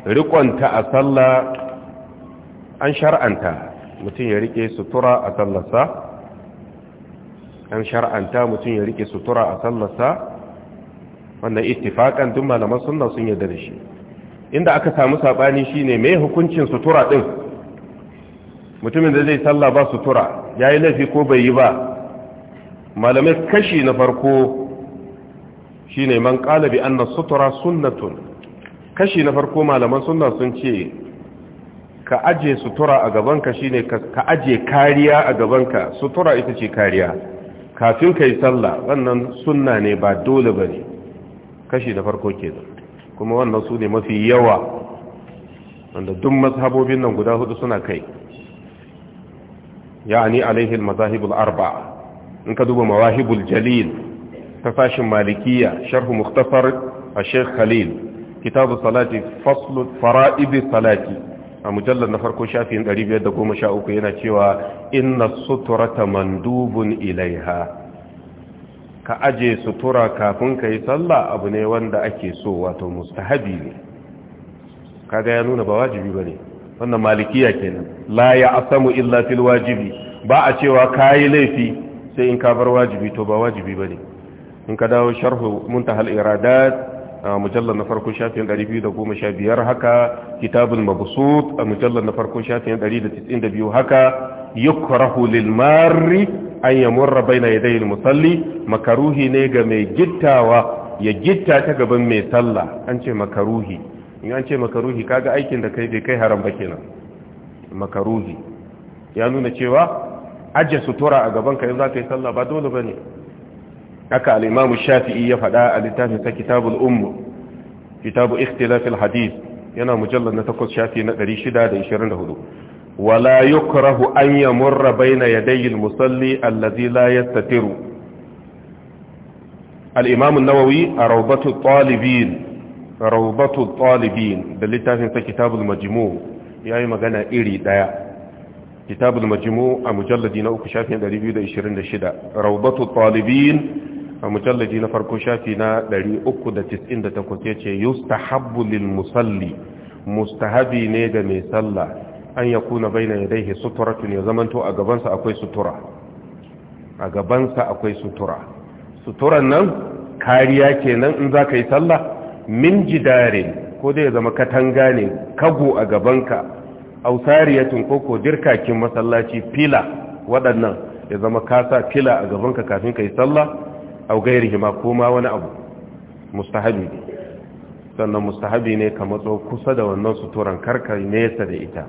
rikonta a sallah an shar'anta mutum ya rike sutura a sallarsa an shar'anta mutum ya rike sutura a sallarsa wannan ittifakan duk malaman sunna sun yarda da shi inda aka samu sabani shine mai hukuncin sutura ɗin. mutumin da zai sallah ba sutura ya yi laifi ko bai yi ba malamai kashi na farko shine man qala bi anna sutura sunnatun kashi na farko malaman sunna sun ce ka aje sutura a gabanka shine ka aje kariya a gabanka sutura ita ce kariya kafin ka yi sallah wannan sunna ne ba dole ba ne kashi da farko ke kuma wannan su ne mafi yawa wanda duk mazhabobin nan guda hudu suna kai ya'ani alaihi mazahibul arba'a in ka duba mawahibul jalil ta fashin malikiya sharhu mukhtasar a sheikh khalil kitabu salati faslul salati a mujallar na farko shafin 513 yana cewa inna ta mandubun ilaiha ka aje sutura kafin ka yi sallah abu ne wanda ake so wato mustahabi ne kaga ya nuna ba wajibi ba ne wannan malikiya kenan la ya asamu illa fil wajibi ba a cewa kayi laifi sai in ka bar wajibi to ba wajibi ba ne in ka dawo sharhu muntahal iradat mujallar na farkon shafin 215 haka kitabul mabsut a mujallar na farkon shafin 192 haka yukrahu lil marri an yamurra baina yadayil musalli makaruhi ne ga mai gittawa ya gitta ta gaban mai sallah an ce makaruhi in an ce makaruhi kaga aikin da kai bai kai haram ba kenan makaruhi ya nuna cewa ajiye sutura a gaban ka in za ka yi sallah ba dole ba ne haka al-imam shafi'i ya faɗa a littafin sa kitabul umm kitabu ikhtilaf al-hadith yana mujallad na takwas shafi na 624 wala yukrahu an yamurra bayna yaday al-musalli allazi la yastatiru al-imam an-nawawi rawdatu at-talibin rawdatu at-talibin da littafin sa kitabul majmu' yayi magana iri daya كتاب المجموع مجلد نوك شافين 226 روضة الطالبين a mujallaji na farko shafi na 398 yace yustahabbu lil musalli mustahabi ne ga mai sallah an ya kuna, baina yadayhi suturatun ya zamanto a gabansa akwai sutura a gabansa akwai sutura suturan nan kariya kenan in zaka yi sallah min jidare ko dai ya zama katanga ne kago a gabanka ausariyatun ko dirkakin masallaci fila waɗannan ya zama kasa fila a gabanka kafin ka yi sallah au gairihi hima ko ma wani abu mustahabi ne sannan mustahabi ne ka matso kusa da wannan suturan karkar nesa da ita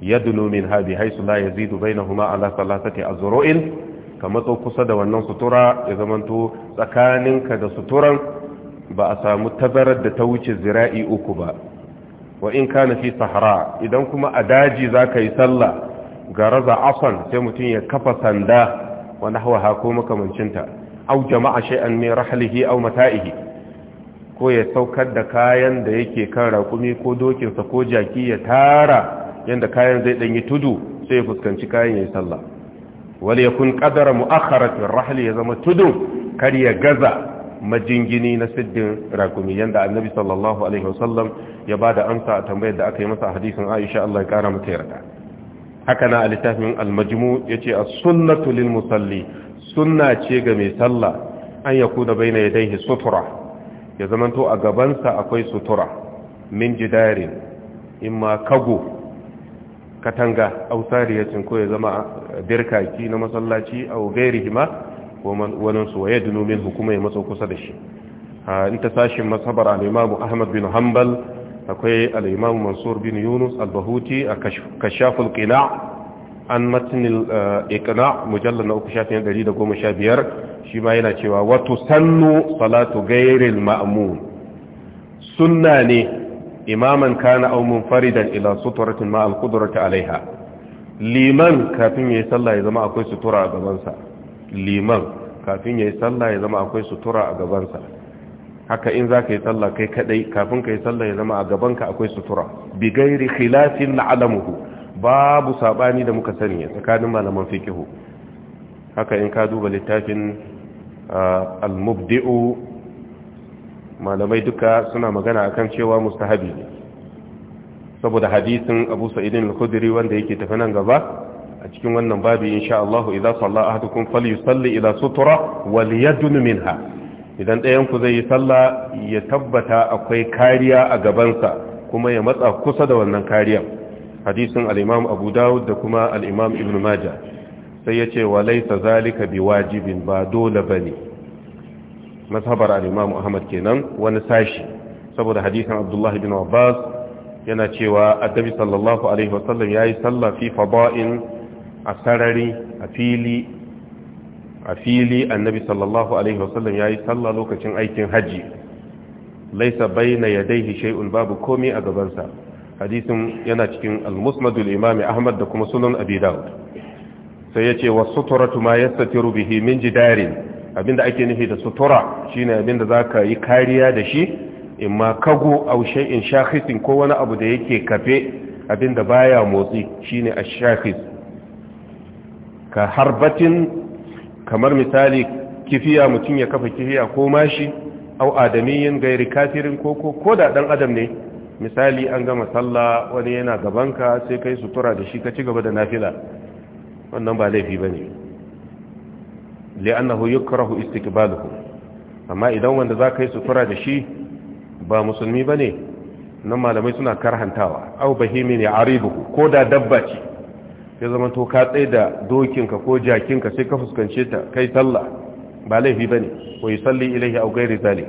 yadnu min habi haisu la yazidu bainahuma ala salasati azru'in ka matso kusa da wannan sutura ya zamanto tsakaninka da suturan ba a samu tabarar da ta wuce zira'i uku ba wa in kana fi sahara idan kuma a daji za ka yi sallah ga raza asan sai mutum ya kafa sanda wani hawa ko makamancinta au jama'a shay'an min rahlihi aw mata'ihi ko ya saukar da kayan da yake kan raƙumi ko dokinsa ko jaki ya tara yanda kayan zai danyi tudu sai ya fuskanci kayan yayin sallah wal yakun qadara mu'akhkharatir rahli ya zama tudu kar ya gaza majingini na siddin raƙumi yanda annabi sallallahu alaihi wasallam ya bada amsa a tambayar da aka yi masa a hadisin Aisha Allah ya kara mata yarda haka na littafin al-majmu yace as-sunnatu lil musalli sunna ce ga mai sallah an ya kuna bai na yadaihi sutura ya zamanto a gabansa akwai sutura min jidarin in kago katanga ausariyacin ko ya zama dirkaki na masallaci a gairi hima wani su waye dunumin hukuma ya kusa da shi a ta sashin masabar al'imamu ahmad bin hanbal akwai al'imamu mansur bin yunus al-bahuti a kashaful qina' an matnil eh, iqna mujallar na uku shafin biyar shi ma yana cewa wato sannu salatu ghairil ma'amun. sunna ne imaman kana aumin faridan ila suturatin ma al alaiha liman kafin yi sallah ya zama akwai sutura a gabansa. sa liman kafin yayi sallah ya zama akwai sutura a haka in zaka yi sallah kai kaɗai kafin yi sallah ya zama a gaban ka akwai sutura bi ghairi khilafin na'lamuhu babu saɓani da muka sani tsakanin malaman fikihu haka in ka duba littafin al-mubdi'u malamai duka suna magana akan cewa mustahabi ne saboda hadisin Abu Sa'idin al-Khudri wanda yake tafi nan gaba a cikin wannan babu insha Allah idza salla ahadukum falyusalli ila sutra wal yadun minha idan ɗayan ku zai yi sallah ya tabbata akwai kariya a gabansa kuma ya matsa kusa da wannan kariyar hadisin al'imam abu dawud da kuma al'imam ibnu ibn sai ya ce wa laisa zalika bi wajibin ba dole bane ne al al'imam muhammad kenan wani sashi saboda hadisan abdullahi bin abbas yana cewa addabi sallallahu alaihi wasallam sallah fi fada'in a sarari a fili a fili annabi sallallahu alaihi wasallam yayi sallah lokacin aikin haji laisa bai na yadaihi shai'un babu komai a gabansa hadisin yana cikin al-musnadul imami ahmad da kuma sunan abi sai yace wa suturatu ma yastatiru bihi min jidarin abinda ake nufi da sutura shine abinda ka yi kariya da shi in kago aw shay'in shakhisin ko wani abu da yake kafe abinda baya motsi shine ash-shakhis ka harbatin kamar misali kifiya mutum ya kafa kifiya ko mashi au adamiyin gairi kafirin ko ko da dan adam ne misali an gama sallah wani yana gabanka sai kai sutura da shi ka ci gaba da nafila wannan ba laifi bane li'annahu yukrahu istiqbaluhu amma idan wanda za ka yi sutura da shi ba musulmi bane nan malamai suna karhantawa au bahimi ne aribu ko da dabba ce ya zama to ka tsaye da dokinka ko jakinka sai ka fuskance ta kai sallah ba laifi bane ko yi salli ilaihi au ghairi zalik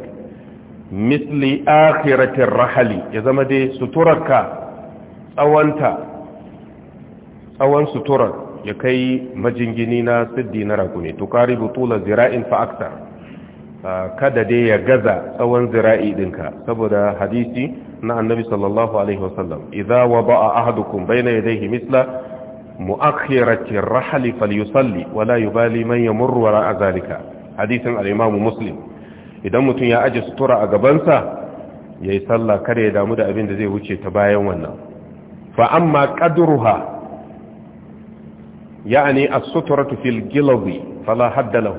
misli akhiratir rahali ya zama dai suturarka tsawanta tsawon suturar ya kai majingini na siddi na ragune tukari butula zira'in fa aksar ah, kada dai ya gaza tsawon zira'i dinka saboda hadisi na annabi sallallahu alaihi wasallam idza wada'a ahadukum bayna yadayhi misla mu'akhirati ar-rahli falyusalli wala yubali man yamurru wara'a zalika hadisin al-imam muslim idan mutum ya ajiye sutura a gabansa ya yi sallah kar ya damu da abin da zai wuce ta bayan wannan fa'amma ƙadurha ya'ani a sutura tufil gilawi fala haddalahu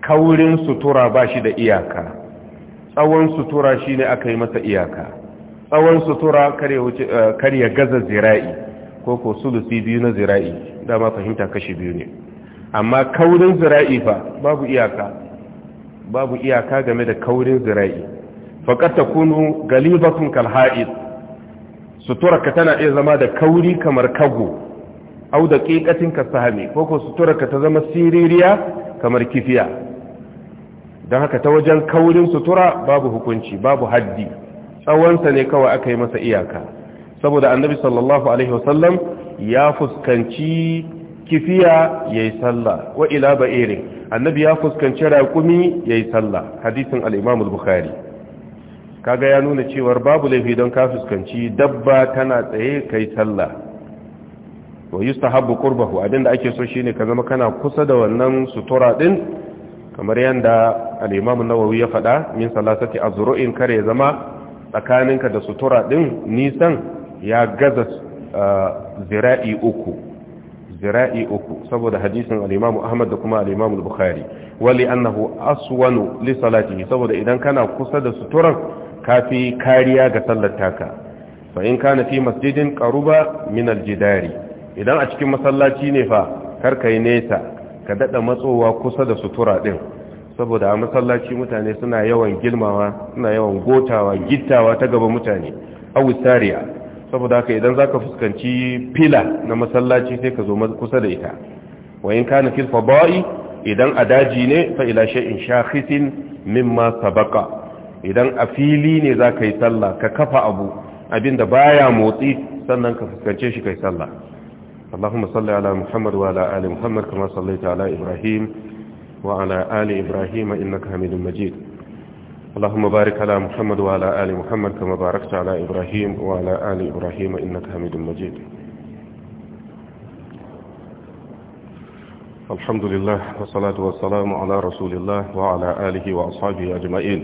kaurin sutura ba shi da iyaka tsawon sutura shi ne aka yi masa iyaka tsawon sutura eh, kar ya gaza zira'i ko ko sulusi biyu na zira'i dama fahimta kashi biyu ne amma kaurin zira'i fa babu iyaka babu iyaka game da kaurin zira'i faqat kunu galibatun kal ha'id suturarka tana iya zama da kauri kamar kago au da ƙiƙatin ka ko ko suturarka ta zama siririya kamar kifiya don haka ta wajen kaurin sutura babu hukunci babu haddi tsawonsa ne kawai aka yi masa iyaka saboda annabi sallallahu alaihi wasallam ya fuskanci kifiya ya yi sallah wa ila irin. annabi ya fuskanci raƙumi yayi sallah hadisin al bukhari kaga ya nuna cewar babu laifi don ka fuskanci dabba tana tsaye kai sallah wa yustahabbu abin abinda ake so shine ka zama kana kusa da wannan sutura ɗin kamar yadda al nawawi ya faɗa min salasati zuru'in kare zama tsakaninka da sutura ɗin nisan ya gaza ah, zira'i uku zira'i uku saboda hadisin al-Imam Ahmad da kuma al-Imam al-Bukhari wali annahu aswanu li salatihi saboda idan kana kusa da suturan kafi kariya ga sallar taka fa in kana fi masjidin qaruba min al-jidari idan a cikin masallaci ne fa kar yi nesa ka dada matsowa kusa da sutura din saboda a masallaci mutane suna yawan girmawa suna yawan gotawa gittawa ta gaba mutane awu sariya saboda haka idan zaka fuskanci fila na masallaci sai ka zo kusa da ita wa in kana fil fada'i idan a daji ne fa ila shay'in shakhisin mimma sabaqa idan a fili ne zaka yi sallah ka kafa abu abinda baya motsi sannan ka fuskance shi kai sallah اللهم صل على محمد وعلى آل محمد كما صليت على إبراهيم وعلى آل إبراهيم إنك حميد مجيد اللهم بارك على محمد وعلى آل محمد كما باركت على إبراهيم وعلى آل إبراهيم إنك حميد مجيد الحمد لله والصلاة والسلام على رسول الله وعلى آله وأصحابه أجمعين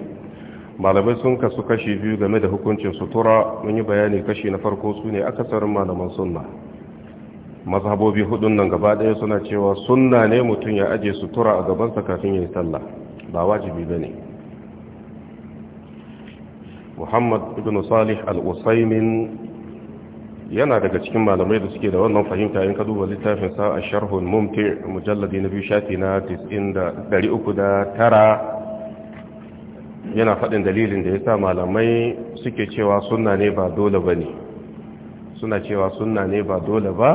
malamai sun kasu kashi biyu game da hukuncin sutura mun yi bayani kashi na farko sune ne akasarin malaman sunna mazhabobi hudun nan gaba ɗaya suna cewa sunna ne mutum ya aje sutura a gabansa kafin ya yi sallah ba wajibi ba ne muhammad ibn salih al-usaimin yana daga cikin malamai da suke da wannan fahimta in ka duba littafin sa a sharhun mumti mujalladi na biyu shafi na 309 yana faɗin dalilin da ya sa malamai suke cewa sunna ne ba dole ba ne suna cewa sunna ne ba dole ba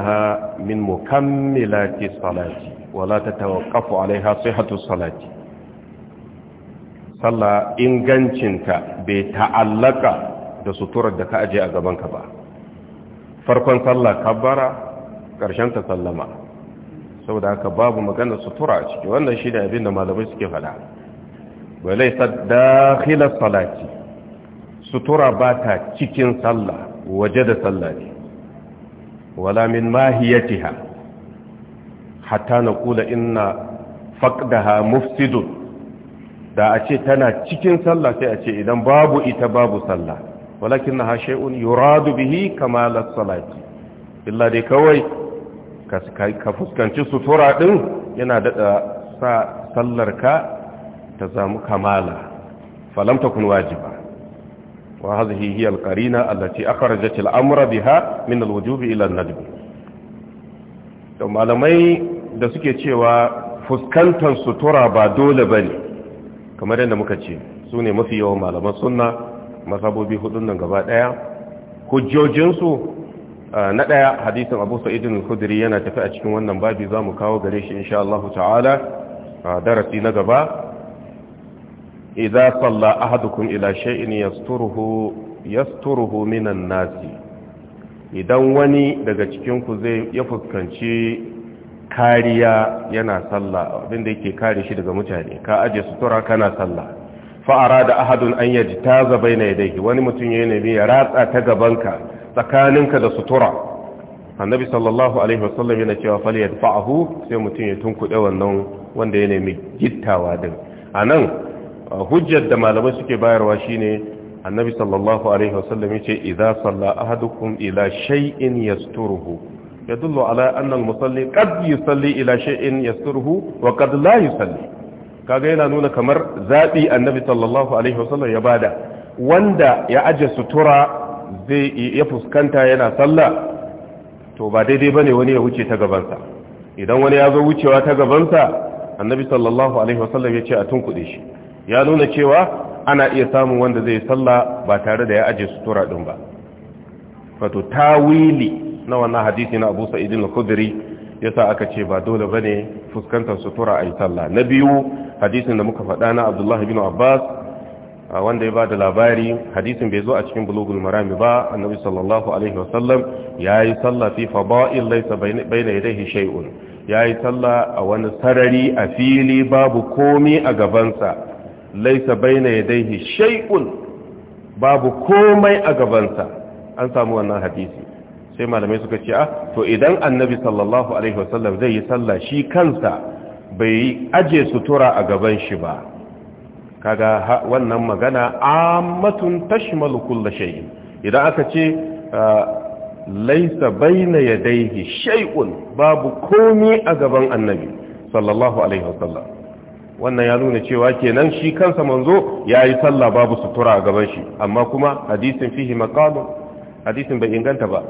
ha min mukammilati salati wala tatawaqqafu alaiha sihhatu salati sallah ingancinta bai ta'allaka da suturar da ka aje a gabanka ba farkon sallah kabbara ƙarshen ta sallama saboda haka babu maganar sutura a ciki wannan shi ne abin da malamai suke faɗa walai sadakhilas salati sutura ba ta cikin sallah waje da sallah ne wala min mahiyatiha hatta kula inna faqdaha mufsidun da a ce tana cikin sallah sai a ce idan babu ita babu sallah walakin na hashe'un yuradu bihi kamalar salati illa dai kawai ka fuskanci sutura ɗin yana daɗa sa sallarka ta zamu kamala falam takun wajiba wa hadhihi hiya al allati akhrajat al biha min al-wujubi ila an to malamai da suke cewa fuskantar sutura ba dole bane kamar yadda muka ce su ne mafi yawan malaman suna masabobi hudun nan gaba daya hujjojinsu na daya hadisin abu sa'idin al kuduri yana tafi a cikin wannan babi za mu kawo gare shi insha Allah ta'ala a darasi na gaba idza salla ahadukum ila shay'in yasturuhu yasturuhu minan nasi idan wani daga cikin ku zai ya fuskanci kariya yana sallah abinda yake kare shi daga mutane ka aje sutura kana sallah fa'ara da ahadun an yaji ta zaba na yadda wani mutum ya nemi ya ratsa ta gabanka tsakaninka da sutura annabi sallallahu alaihi wasallam yana cewa fal yadfa'ahu sai mutum ya tunkuɗe wannan wanda ya nemi gittawa din anan hujjar da malamai suke bayarwa shine annabi sallallahu alaihi wasallam yace idza salla ahadukum ila shay'in yasturuhu يدل على أن المصلي قد ila إلى شيء يستره وقد لا يصلي kaga yana nuna kamar zaɓi annabi sallallahu alaihi wasallam ya bada wanda ya aje sutura zai ya fuskanta yana sallah to ba daidai bane wani ya wuce ta gabansa idan wani ya zo wucewa ta gabansa annabi sallallahu alaihi wasallam ya ce a tunkuɗe shi ya nuna cewa ana iya samun wanda zai yi sallah ba tare da ya aje sutura din ba wato tawili na wannan hadisi na Abu Sa'id al-Khudri yasa aka ce ba dole bane fuskantar sutura ayi sallah na biyu hadisin da muka faɗa na Abdullahi bin Abbas wanda ya bada labari hadisin bai zo a cikin bulugul marami ba annabi sallallahu alaihi wasallam yayi sallah fi fada'il laysa bayna yadayhi shay'un yayi sallah a wani sarari a fili babu komi a gabansa laysa bayna yadayhi shay'un babu komai a gabansa an samu wannan hadisi sai malamai suka ce ah to idan annabi sallallahu alaihi wasallam zai yi sallah shi kansa bai aje sutura a gaban shi ba kaga wannan magana ammatun tashmalu kullu shay idan aka ce ah, laisa baina yadayhi shay'un babu komai a gaban annabi sallallahu alaihi wasallam wannan ya nuna cewa kenan shi kansa manzo yi sallah babu sutura a gaban shi amma kuma hadisin fihi maqam hadisin bai inganta ba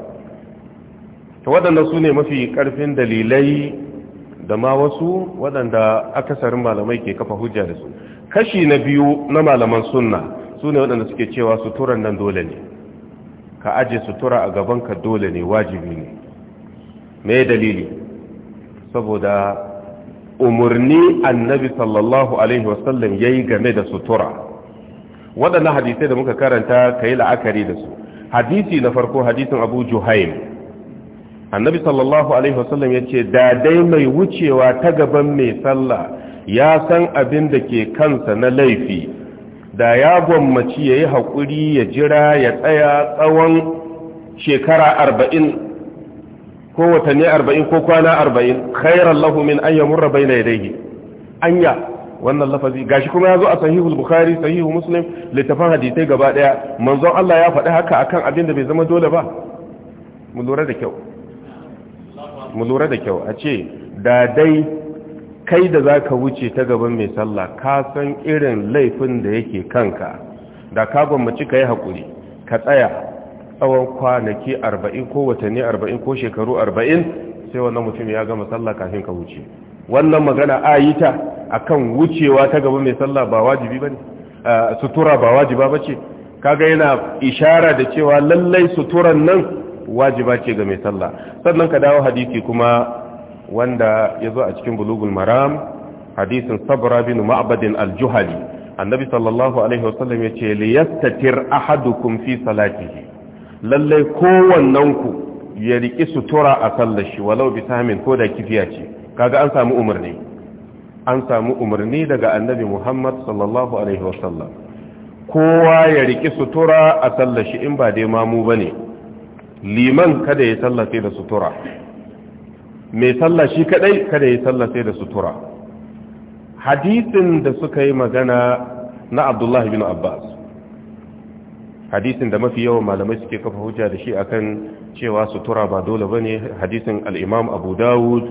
ta waɗanda su ne mafi ƙarfin dalilai da ma wasu waɗanda akasarin malamai ke kafa hujja da su kashi na biyu na malaman sunna su ne waɗanda suke cewa suturan nan dole ne ka aje sutura a gaban ka dole ne wajibi ne me dalili saboda umarni annabi sallallahu alaihi wasallam ya yi game da sutura waɗannan hadisai da muka karanta ka yi la'akari da su hadisi na farko hadisin abu juhaim annabi sallallahu alaihi wasallam ya ce da dai mai wucewa ta gaban mai sallah ya san abin da ke kansa na laifi da ya gwammaci ya yi haƙuri ya jira ya tsaya tsawon shekara arba'in ko watanni arba'in ko kwana arba'in khairar lahu an bai na yadaihi anya wannan lafazi gashi kuma ya zo a sahihul bukhari sahihu muslim littafin hadisai gaba daya manzon Allah ya faɗi haka akan abin da bai zama dole ba mu lura da kyau mu lura da kyau a ce da dai kai da za ka wuce ta gaban mai sallah ka san irin laifin da yake kanka da ka gwamnaci ka yi haƙuri ka tsaya tsawon kwanaki arba'in ko watanni arba'in ko shekaru arba'in sai wannan mutum ya gama sallah kafin ka wuce wannan magana a yi ta a kan wucewa ta gaban mai sallah ba wajibi ba ne sutura ba wajiba ba ce kaga yana ishara da cewa lallai suturan nan wajiba ce ga mai sallah sannan ka dawo hadisi kuma wanda ya zo a cikin bulugul maram hadisin sabra bin ma'abadin aljuhali annabi sallallahu alaihi wasallam ya ce liyastatir ahadukum fi salatihi lallai ku ya riƙi sutura a sallar shi walau bi samin ko da kifiya ce kaga an samu umarni an samu umarni daga annabi muhammad sallallahu alaihi wasallam kowa ya riki sutura a sallar shi in ba dai mamu bane liman kada ya sallah sai da sutura mai sallah shi kadai kada ya sallah sai da sutura hadisin da suka yi magana na abdullahi bin abbas hadisin da mafi yawan malamai suke kafa hujja da shi akan cewa sutura ba dole bane hadisin al-imam abu dawud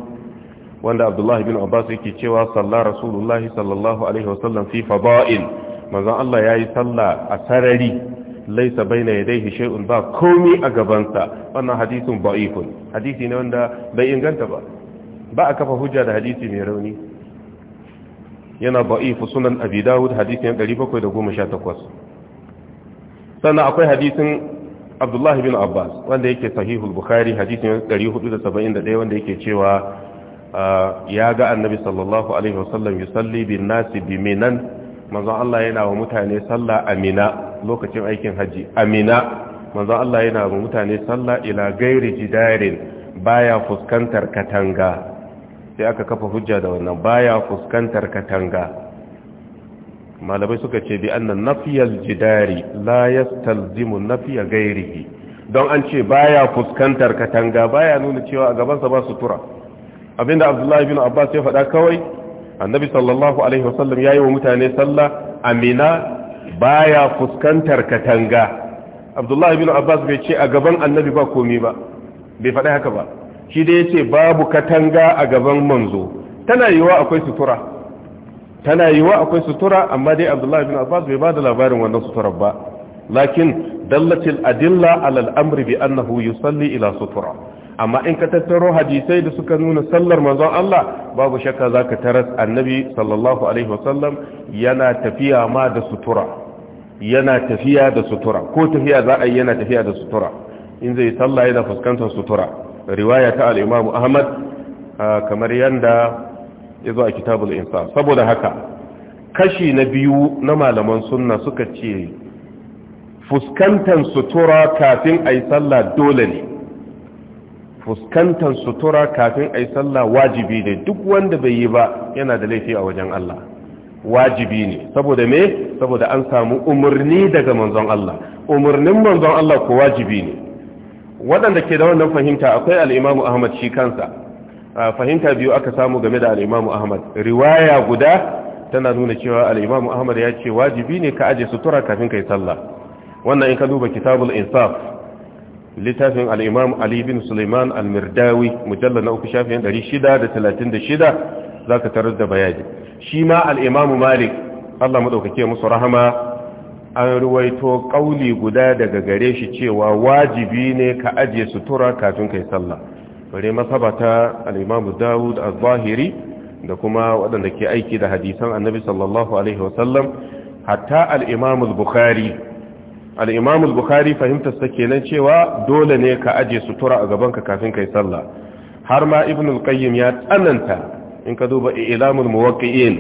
wanda abdullahi bin abbas yake cewa sallah rasulullahi sallallahu alaihi wasallam fi fada'il manzon Allah yayi sallah a sarari laisa baina yadayhi shay'un ba komi a gabansa wannan hadisin da'ifun hadisi ne wanda bai inganta ba ba a kafa hujja da hadisi mai rauni yana da'ifu sunan abi dawud hadisin 718 sannan akwai hadisin abdullahi bin abbas wanda yake sahihul bukhari hadisin 471 wanda yake cewa ah, ya ga annabi sallallahu alaihi wasallam yusalli bin nasi bi minan manzon Allah yana wa mutane sallah amina lokacin aikin haji amina manzon Allah yana wa mutane sallah ila gairi jidarin baya fuskantar katanga sai aka kafa hujja da wannan baya fuskantar katanga malamai suka ce bi annan nafiyal jidari la yastalzimu nafiya gairihi don an ce baya fuskantar katanga baya nuna cewa a gabansa ba sutura abinda abdullahi bin abbas ya faɗa kawai annabi sallallahu alaihi wasallam yi wa mutane sallah amina ba ya fuskantar katanga Abdullahi ibn abbas bai ce a gaban annabi ba komai ba bai faɗi haka ba shi dai ya ce babu katanga a gaban manzo tana yiwa akwai sutura tana yiwa akwai sutura amma dai Abdullahi ibn abbas bai bada labarin wannan suturar ba lakin dallatil adilla ala al-amri bi annahu yusalli ila sutura amma in ka tattaro hadisai da suka nuna sallar manzon Allah babu shakka zaka taras annabi sallallahu alaihi wasallam yana tafiya ma da sutura yana tafiya da sutura ko tafiya za a yi yana tafiya da sutura in zai sallah yana fuskantar sutura riwaya ta al-Imam Ahmad kamar yanda zo a kitabul insa saboda haka kashi na biyu na malaman sunna suka ce fuskantar sutura kafin ayi sallah dole ne fuskantar sutura kafin a yi sallah wajibi ne duk wanda bai yi ba yana da laifi a wajen Allah wajibi ne saboda me saboda an samu umarni daga manzon Allah umarnin manzon Allah ko wajibi ne waɗanda ke da wannan fahimta akwai al'imamu ahmad shi kansa fahimta biyu aka samu game da al'imamu ahmad riwaya guda tana nuna cewa al'imamu ahmad ya ce wajibi ne ka aje sutura kafin ka yi sallah wannan in ka duba kitabul insaf littafin al'imam Ali bin Suleiman al-Mirdawi mujallar na uku shafin 636 za ka tarar da bayani shi ma al'imamu Malik Allah maɗaukake musu rahama an ruwaito ƙauli guda daga gare shi cewa wajibi ne ka ajiye sutura kafin kai sallah bare masabata al'imamu Dawud al-Zahiri da kuma waɗanda ke aiki da hadisan annabi sallallahu alaihi wasallam hatta al'imamu Bukhari al-imam bukhari fahimtar sa kenan cewa dole ne ka aje sutura a gaban ka kafin kai sallah har ma ibn ya tsananta in ka duba ilamul muwaqqi'in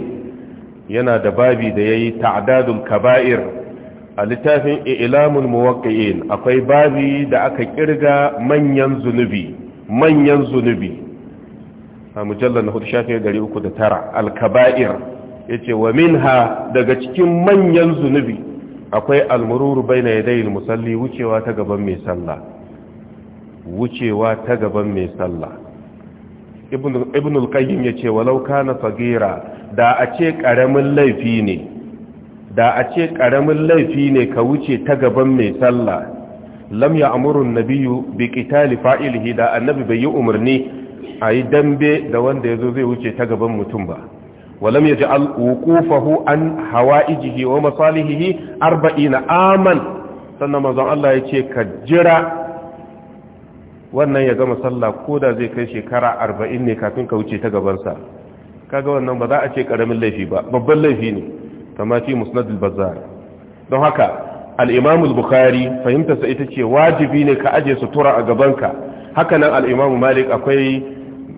yana da babi da yayi ta'dadul kaba'ir a littafin ilamul muwaqqi'in akwai babi da aka kirga manyan zunubi manyan zunubi a mujallar na hudu shafi tara al-kaba'ir yace wa minha daga cikin manyan zunubi akwai almururu baina yadai musalli wucewa ta gaban mai sallah wucewa ta gaban mai sallah ibn al ya ce walau kana sagira da a ce karamin laifi ne da a ce karamin laifi ne ka wuce ta gaban mai sallah lam ya'muru na nabiyyu bi qitali fa'ilihi da annabi bai yi umarni a yi dambe da wanda yazo zai wuce ta gaban mutum ba ولم يجعل وقوفه عن حوائجه ومصالحه أربعين آمن sannan manzon Allah ya ce ka jira wannan ya gama sallah ko da zai kai shekara arba'in ne kafin ka wuce ta gabansa kaga wannan ba za a ce karamin laifi ba babban laifi ne kama fi musnad al-bazzar don haka al-imam al-bukhari sa ita ce wajibi ne ka aje sutura a gabanka haka nan al-imam malik akwai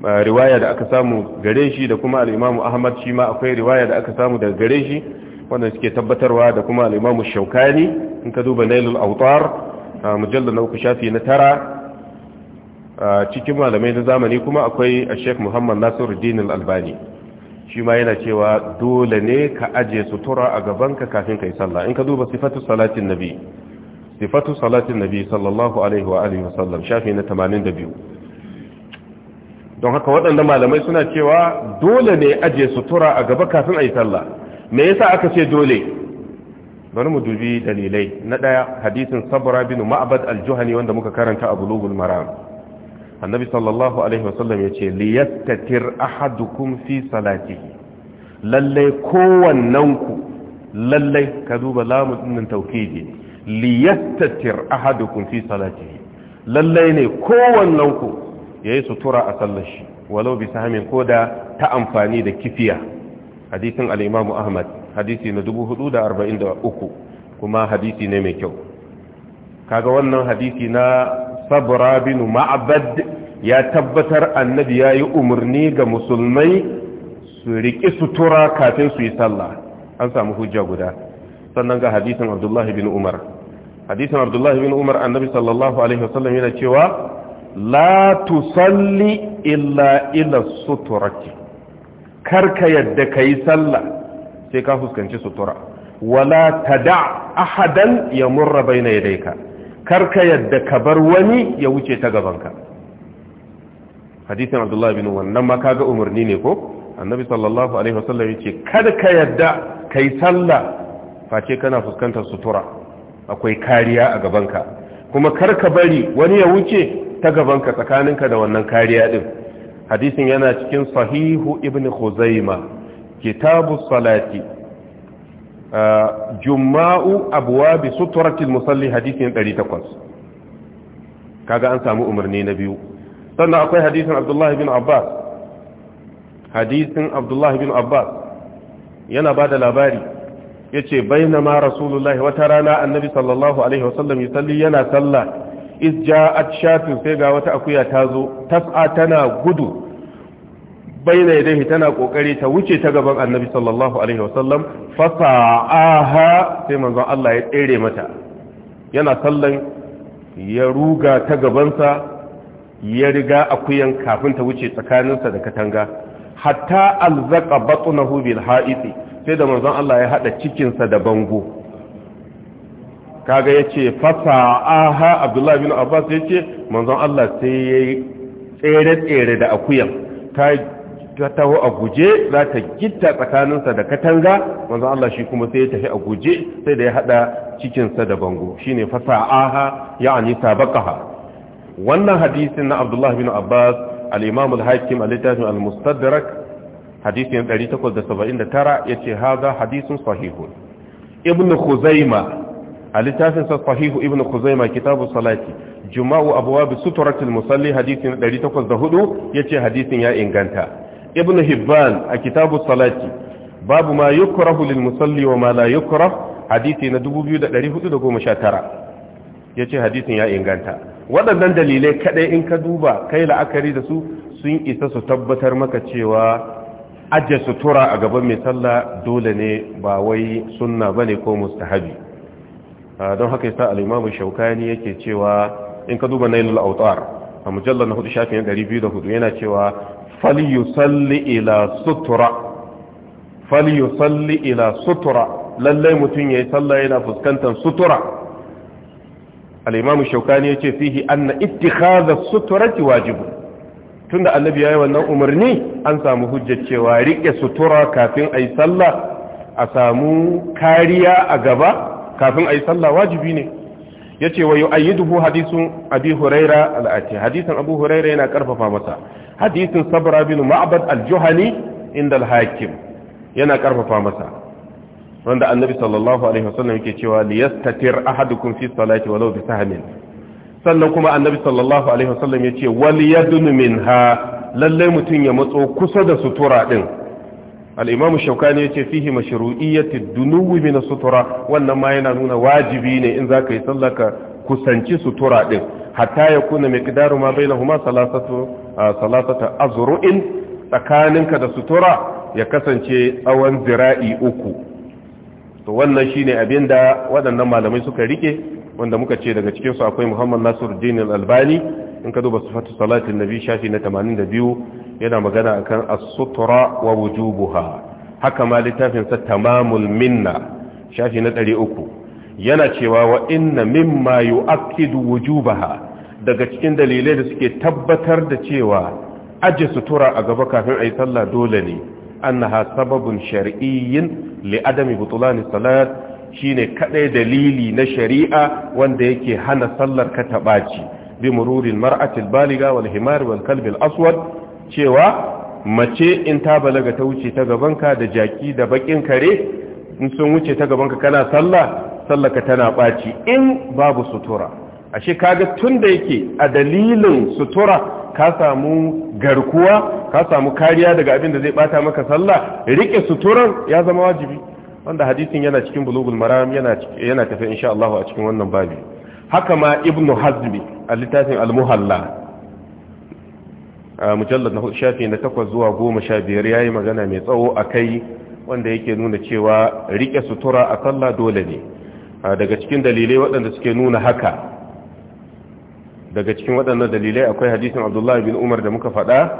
riwaya da aka samu gare shi da kuma al'imamu ahmad shi ma akwai riwaya da aka samu daga gare shi wanda suke tabbatarwa da kuma al'imamu shaukani in ka duba nailul autar mujallar na uku shafi na tara cikin malamai na zamani kuma akwai a sheik muhammad nasiru dinin albani shi ma yana cewa dole ne ka ajiye sutura a gabanka kafin ka yi sallah in ka duba sifatu salatin nabi sifatu salatin nabi sallallahu alaihi wa alihi wasallam shafi na 82 don haka waɗanda malamai suna cewa dole ne aje sutura a gaba kafin a yi sallah me yasa aka ce dole bari mu dubi dalilai na ɗaya hadisin sabra bin ma'bad al-juhani wanda muka karanta a bulugul maram annabi sallallahu alaihi wasallam yace liyastatir ahadukum fi salatihi lalle ku, lalle ka duba lamun din tawkidi liyastatir ahadukum fi salatihi lalle ne ku. ya yi sutura a sallar shi walau bi sahamin ko da ta amfani da kifiya hadisin al'imamu ahmad hadisi na 443 kuma hadisi ne mai kyau kaga wannan hadisi na sabra bin ma'abad ya tabbatar annabi ya yi umarni ga musulmai su riƙi sutura kafin su yi sallah an samu hujja guda sannan ga hadisin abdullahi bin umar hadisin abdullahi bin umar annabi sallallahu alaihi wasallam yana cewa la salli illa ila suturati karka yadda kai sallah sai ka fuskanci sutura wala tada ahadan ya murra baina yadayka karka yadda ka bar wani ya wuce ta gabanka hadisin abdullahi bin wannan ma kaga umarni ne ko annabi sallallahu alaihi wasallam yace kar ka yadda kai sallah face kana fuskantar sutura akwai kariya a gabanka kuma kar ka bari wani ya wuce ta gabanka tsakaninka da wannan kariya din hadisin yana cikin sahihu ibn khuzaima kitabu salati juma'u abwabi suturatil musalli hadisin 108 kaga an samu umarni na biyu sannan akwai hadisin abdullahi bin abbas hadisin abdullahi bin abbas yana bada labari yace bainama rasulullahi wata rana annabi sallallahu alaihi wasallam yusalli yana sallah iz ja'at shatun sai ga wata akuya ta zo tas'a tana gudu baina yadayhi tana kokari ta wuce ta gaban annabi sallallahu alaihi wasallam sa'aha sai manzon Allah ya tsere mata yana sallan ya ruga ta gabansa ya riga akuyan kafin ta wuce tsakaninsa da katanga hatta alzaqa batnahu bil ha'iti sai da manzon Allah ya hada cikinsa da bango kaga yace fasa aha abdullahi bin abbas yace manzon Allah sai yayi tsere tsere da akuyan ta ta taho a guje za ta gitta tsakaninsa da katanga manzon Allah shi kuma sai ya tafi a guje sai da ya hada cikinsa da bango shine fasa aha yani sabaqaha wannan hadisin na abdullahi bin abbas al-imam al-hakim al-littafin al-mustadrak hadisin 879 yace haza hadisun sahihun ibnu khuzaimah a littafin sa sahihu ibnu kuzaima kitabu salati juma'u abwab suturatil musalli hadisin 804 yace hadisin ya inganta ibnu hibban a kitabu salati babu ma yukrahu lil musalli wa ma la yukrah hadisi na 2419 yace hadisin ya inganta waɗannan dalilai kadai in ka duba kai la'akari da su sun isa su tabbatar maka cewa ajiye sutura a gaban mai sallah dole ne ba wai sunna bane ko mustahabi don haka yasa al-imam shaukani yake cewa in ka duba nailul awtar a mujallal na hudu shafin 204 yana cewa falyusalli ila sutura falyusalli ila sutura lallai mutum yayi sallah yana fuskantar sutura al-imam shaukani yace fihi anna ittikhadha suturati wajibu tunda annabi yayi wannan umarni an samu hujjar cewa rike sutura kafin ayi sallah a samu kariya a gaba kafin a yi sallah wajibi ne ya ce wa yi ayyiduhu hadisun abi huraira al'ati hadisun abu huraira yana karfafa masa hadisun sabra bin ma'abad al-juhani inda al-hakim yana karfafa masa wanda annabi sallallahu alaihi wasallam yake cewa liyastatir ahadukum fi salati walau bi sahmin sannan kuma annabi sallallahu alaihi wasallam yace wal yadun minha lalle mutun ya matso kusa da sutura din al shaukani ya ce fihi mashru'iyyati dunuwi min sutura wannan ma yana nuna wajibi ne in zaka yi sallah ka kusanci sutura din hatta ya kuna miqdaru ma bainahuma huma salasata azru'in tsakaninka da sutura ya kasance tsawon zira'i uku to wannan shine abinda waɗannan malamai suka rike wanda muka ce daga cikin su akwai Muhammad nasir Al-Albani in ka duba sifatu salatin Nabi shafi na 82 yana magana akan as-sutra wa wujubuha haka ma littafin sa tamamul minna shafi na 300 yana cewa wa inna mimma yu'akkidu wujubaha daga cikin dalilai da suke tabbatar da cewa aje sutura a gaba kafin a yi sallah dole ne annaha sababun shar'iyyin li adami butulani salat shine kadai dalili na shari'a wanda yake hana sallar ka tabaci bi mururil mar'atil baliga wal himar wal kalb aswad cewa mace in ta balaga ta wuce ta gabanka da jaki da bakin kare in sun wuce ta gabanka kana sallah sallaka tana baci in babu sutura ashe kaga tun da yake a dalilin sutura ka samu garkuwa ka samu kariya daga abin da zai bata maka sallah rike suturan ya zama wajibi wanda hadisin yana cikin bulugul maram yana yana tafi insha Allah a cikin wannan babi haka ma ibnu hazmi a littafin al-muhalla mujallar na shafi na takwas zuwa goma sha biyar ya yi magana mai tsawo a kai wanda yake nuna cewa rike sutura a sallah dole ne daga cikin dalilai waɗanda suke nuna haka daga cikin waɗannan dalilai akwai hadisin abdullahi bin umar da muka faɗa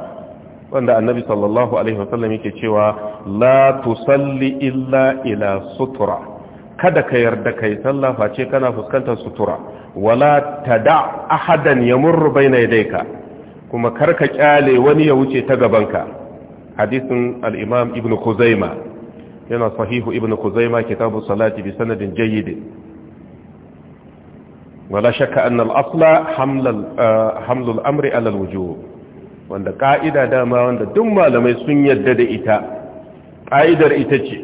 wanda annabi sallallahu alaihi wasallam yake cewa la tusalli illa ila sutura kada ka yarda kai sallah face kana fuskantar sutura wala tada ahadan yamurru bayna yadayka kuma kar ka kyale wani ya wuce ta gabanka hadisin al-imam ibn khuzaima yana sahihu ibn khuzaima kitabu salati bi sanadin jayyid wala shakka anna al-asla haml ah, amri ala al-wujub wanda ka'ida dama wanda duk malamai sun yadda da ita ka'idar ita ce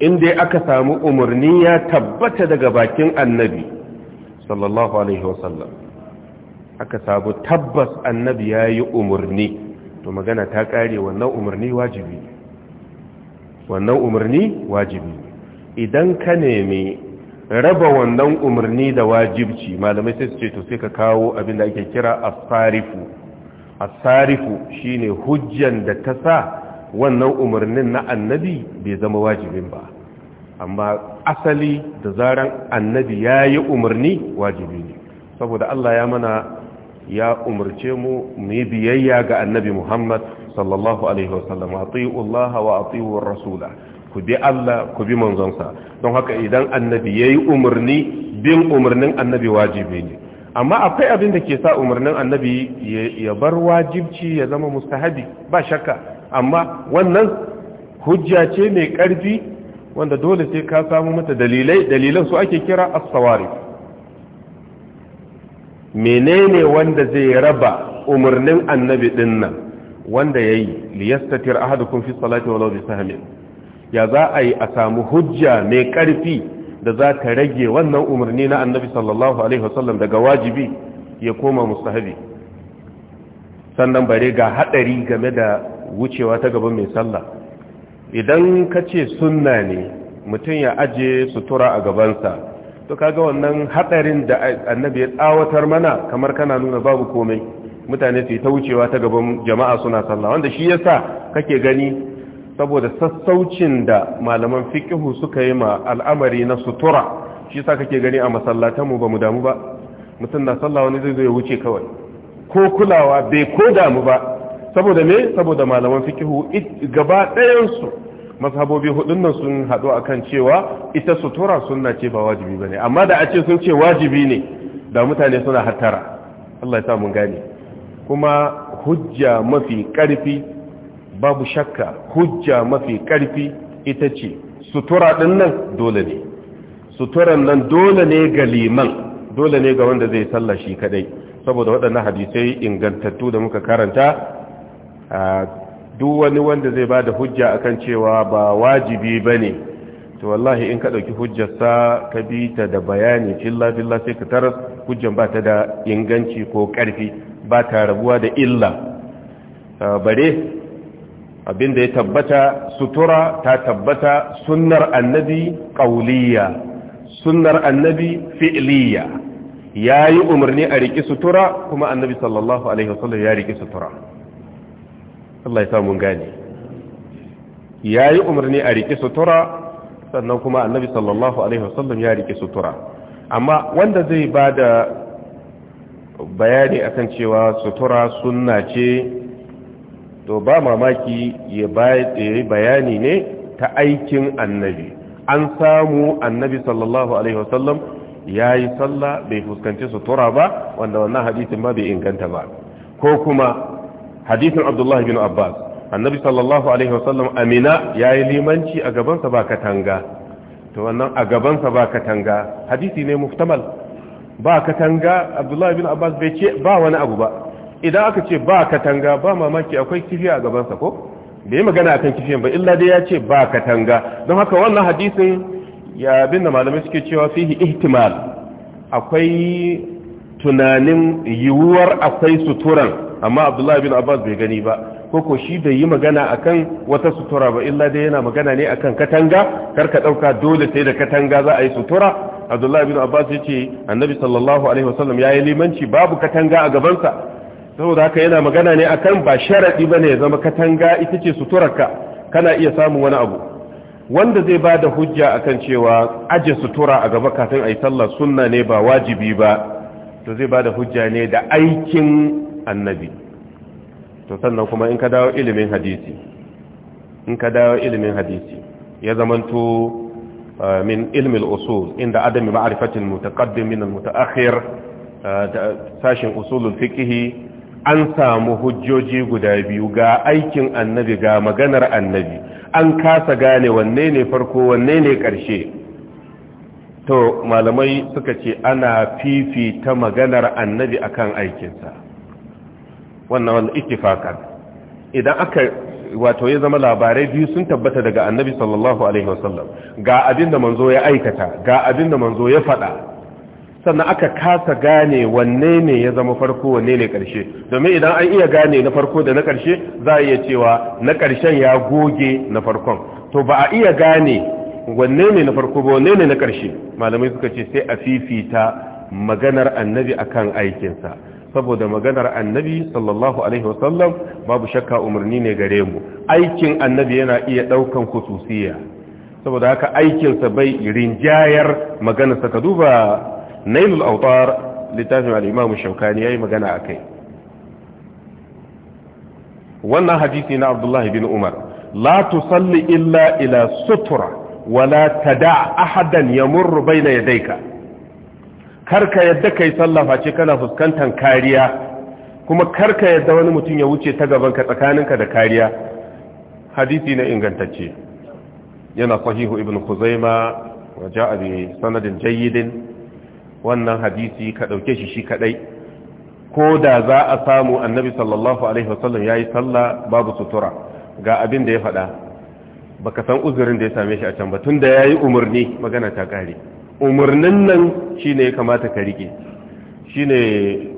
dai aka samu umarni ya tabbata daga bakin annabi sallallahu alaihi wasallam aka sabu tabbas annabi ya yi umarni to magana ta kare wannan umarni wajibi wannan umarni wajibi idan ka nemi raba wannan umarni da wajibci malamai sai su ce to sai ka kawo abin da ake kira asarifu asarifu shine hujjan da ta sa wannan umarnin na annabi bai zama wajibin ba amma asali da zaran annabi ya yi umarni wajibi ne saboda Allah ya mana ya umarce mu mu yi biyayya ga annabi muhammad sallallahu alaihi wasallam atiullaha wa atiur rasula ku bi Allah ku bi manzonsa don haka idan annabi yayi umarni bin umarnin annabi wajibi ne amma akwai abin da ke sa umarnin annabi ya bar wajibci ya zama mustahabi ba shakka amma wannan hujja ce mai karfi wanda dole sai ka samu mata dalilai dalilan su ake kira as-sawarif menene wanda zai raba umarnin annabi din nan wanda yayi liyastatir ahadukum fi salati walau bi sahmin ya za a yi a samu hujja mai karfi da za ta rage wannan umarni na annabi sallallahu alaihi wasallam daga wajibi ya koma mustahabi sannan bare ga hadari game da wucewa ta gaban mai sallah idan ka ce sunna ne mutum ya aje sutura a gabansa to kaga wannan hadarin da annabi ya tsawatar mana kamar kana nuna babu komai mutane su ta wucewa ta gaban jama'a suna sallah wanda shi yasa kake gani saboda sassaucin da malaman fiqhu suka yi ma al'amari na sutura shi yasa kake gani a masallatan mu bamu damu ba mutum na sallah wani zai zo ya wuce kawai ko kulawa bai ko damu ba saboda me saboda malaman fiqhu gaba ɗayan su mazhabobi hudun nan sun haɗu kan cewa ita sutura sunna ce ba wajibi bane amma da a ce sun ce wajibi ne da mutane suna hattara Allah ya sa mun gane kuma hujja mafi ƙarfi babu shakka hujja mafi ƙarfi ita ce sutura ɗin nan dole ne suturan nan dole ne ga liman dole ne ga wanda zai sallah shi kadai saboda waɗannan hadisai ingantattu da muka karanta duk wani wanda zai ba da hujja akan cewa ba wajibi ba ne to wallahi in ka ɗauki hujjarsa ka bi ta da bayani illa billah sai ka tarar hujjan ba ta da inganci ko ƙarfi ba ta rabuwa da illa bare abinda ya tabbata sutura ta tabbata sunnar annabi ƙauliya sunnar annabi fi'liya ya yi umarni a riƙi sutura kuma annabi sallallahu alaihi wasallam ya riƙi sutura Allah ya sa mun gane yayi umarni a riƙe sutura sannan kuma annabi sallallahu alaihi wasallam ya riƙe sutura amma wanda zai ba da bayani akan cewa sutura sunna ce to ba mamaki ya yi bayani ne ta aikin annabi an samu annabi sallallahu alaihi wasallam ya yi sallah bai fuskanci sutura ba wanda wannan hadisin ma bai inganta ba ko kuma hadisin abdullahi bin abbas annabi sallallahu alaihi wasallam amina ya yi limanci a gabansa ba katanga to wannan a gabansa ba katanga hadisi ne muftamal ba katanga abdullahi bin abbas bai ce ba wani abu ba idan aka ce ba katanga ba mamaki akwai kifiya a gabansa ko bai yi magana akan kifiyan ba illa dai ya ce ba katanga don haka wannan hadisin ya bin malamai suke cewa fihi ihtimal akwai tunanin yiwuwar akwai suturan amma abdullahi bin abbas bai gani ba ko shi bai yi magana akan wata sutura ba illa dai yana magana ne akan katanga kar ka dauka dole sai da katanga za a yi sutura abdullahi bin abbas ya ce annabi sallallahu alaihi wasallam ya yi limanci babu katanga a gabansa saboda haka yana magana ne akan ba sharadi bane ya zama katanga ita ce suturarka kana iya samun wani abu wanda zai ba da hujja akan cewa aje sutura a gaba kafin a yi sallah sunna ne ba wajibi ba to zai ba da hujja ne da aikin annabi to sannan kuma in ka dawo ilimin hadisi in ka dawo ilimin hadisi ya zamanto uh, min ilmin usul inda adami ma'arifatin mutaqaddim min al-mutaakhir uh, sashin usulul fiqh an samu hujjoji guda biyu ga aikin annabi ga maganar annabi an kasa gane wanne ne farko wanne ne ƙarshe to malamai suka ce ana fifita maganar annabi akan aikinsa wannan wanda ittifaqan idan aka wato ya zama labarai biyu sun tabbata daga annabi sallallahu alaihi wasallam ga abin da manzo ya aikata ga abin da manzo ya faɗa sannan aka kasa gane wanne ne ya zama farko wanne ne ƙarshe domin idan an iya gane na farko da na ƙarshe za a iya cewa na ƙarshen ya goge na farkon to ba a iya gane wanne ne na farko ba wanne ne na ƙarshe malamai suka ce sai a fifita maganar annabi akan aikinsa saboda maganar annabi sallallahu alaihi wasallam babu shakka umarni ne gare mu aikin annabi yana iya daukan khususiyya saboda haka aikinsa bai rinjayar maganarsa ka duba nailul autar littafin al'imamu shaukani ya yi magana a kai wannan hadisi na abdullahi bin umar la tusalli illa ila sutura wala tada ahadan yamurru ya yadayka karka yadda kai sallah face kana fuskantar kariya kuma karka yadda wani mutum ya wuce ta gaban ka tsakaninka da kariya hadisi na ingantacce yana sahihu ibn khuzaima wa ja'a bi sanadin jayyidin wannan hadisi ka dauke shi shi kadai ko da za a samu annabi sallallahu alaihi wasallam yayi sallah babu sutura ga abin da ya faɗa baka san uzurin da ya same shi a can ba tunda yayi umurni, magana ta kare umarnin nan shine ya kamata ka rike shine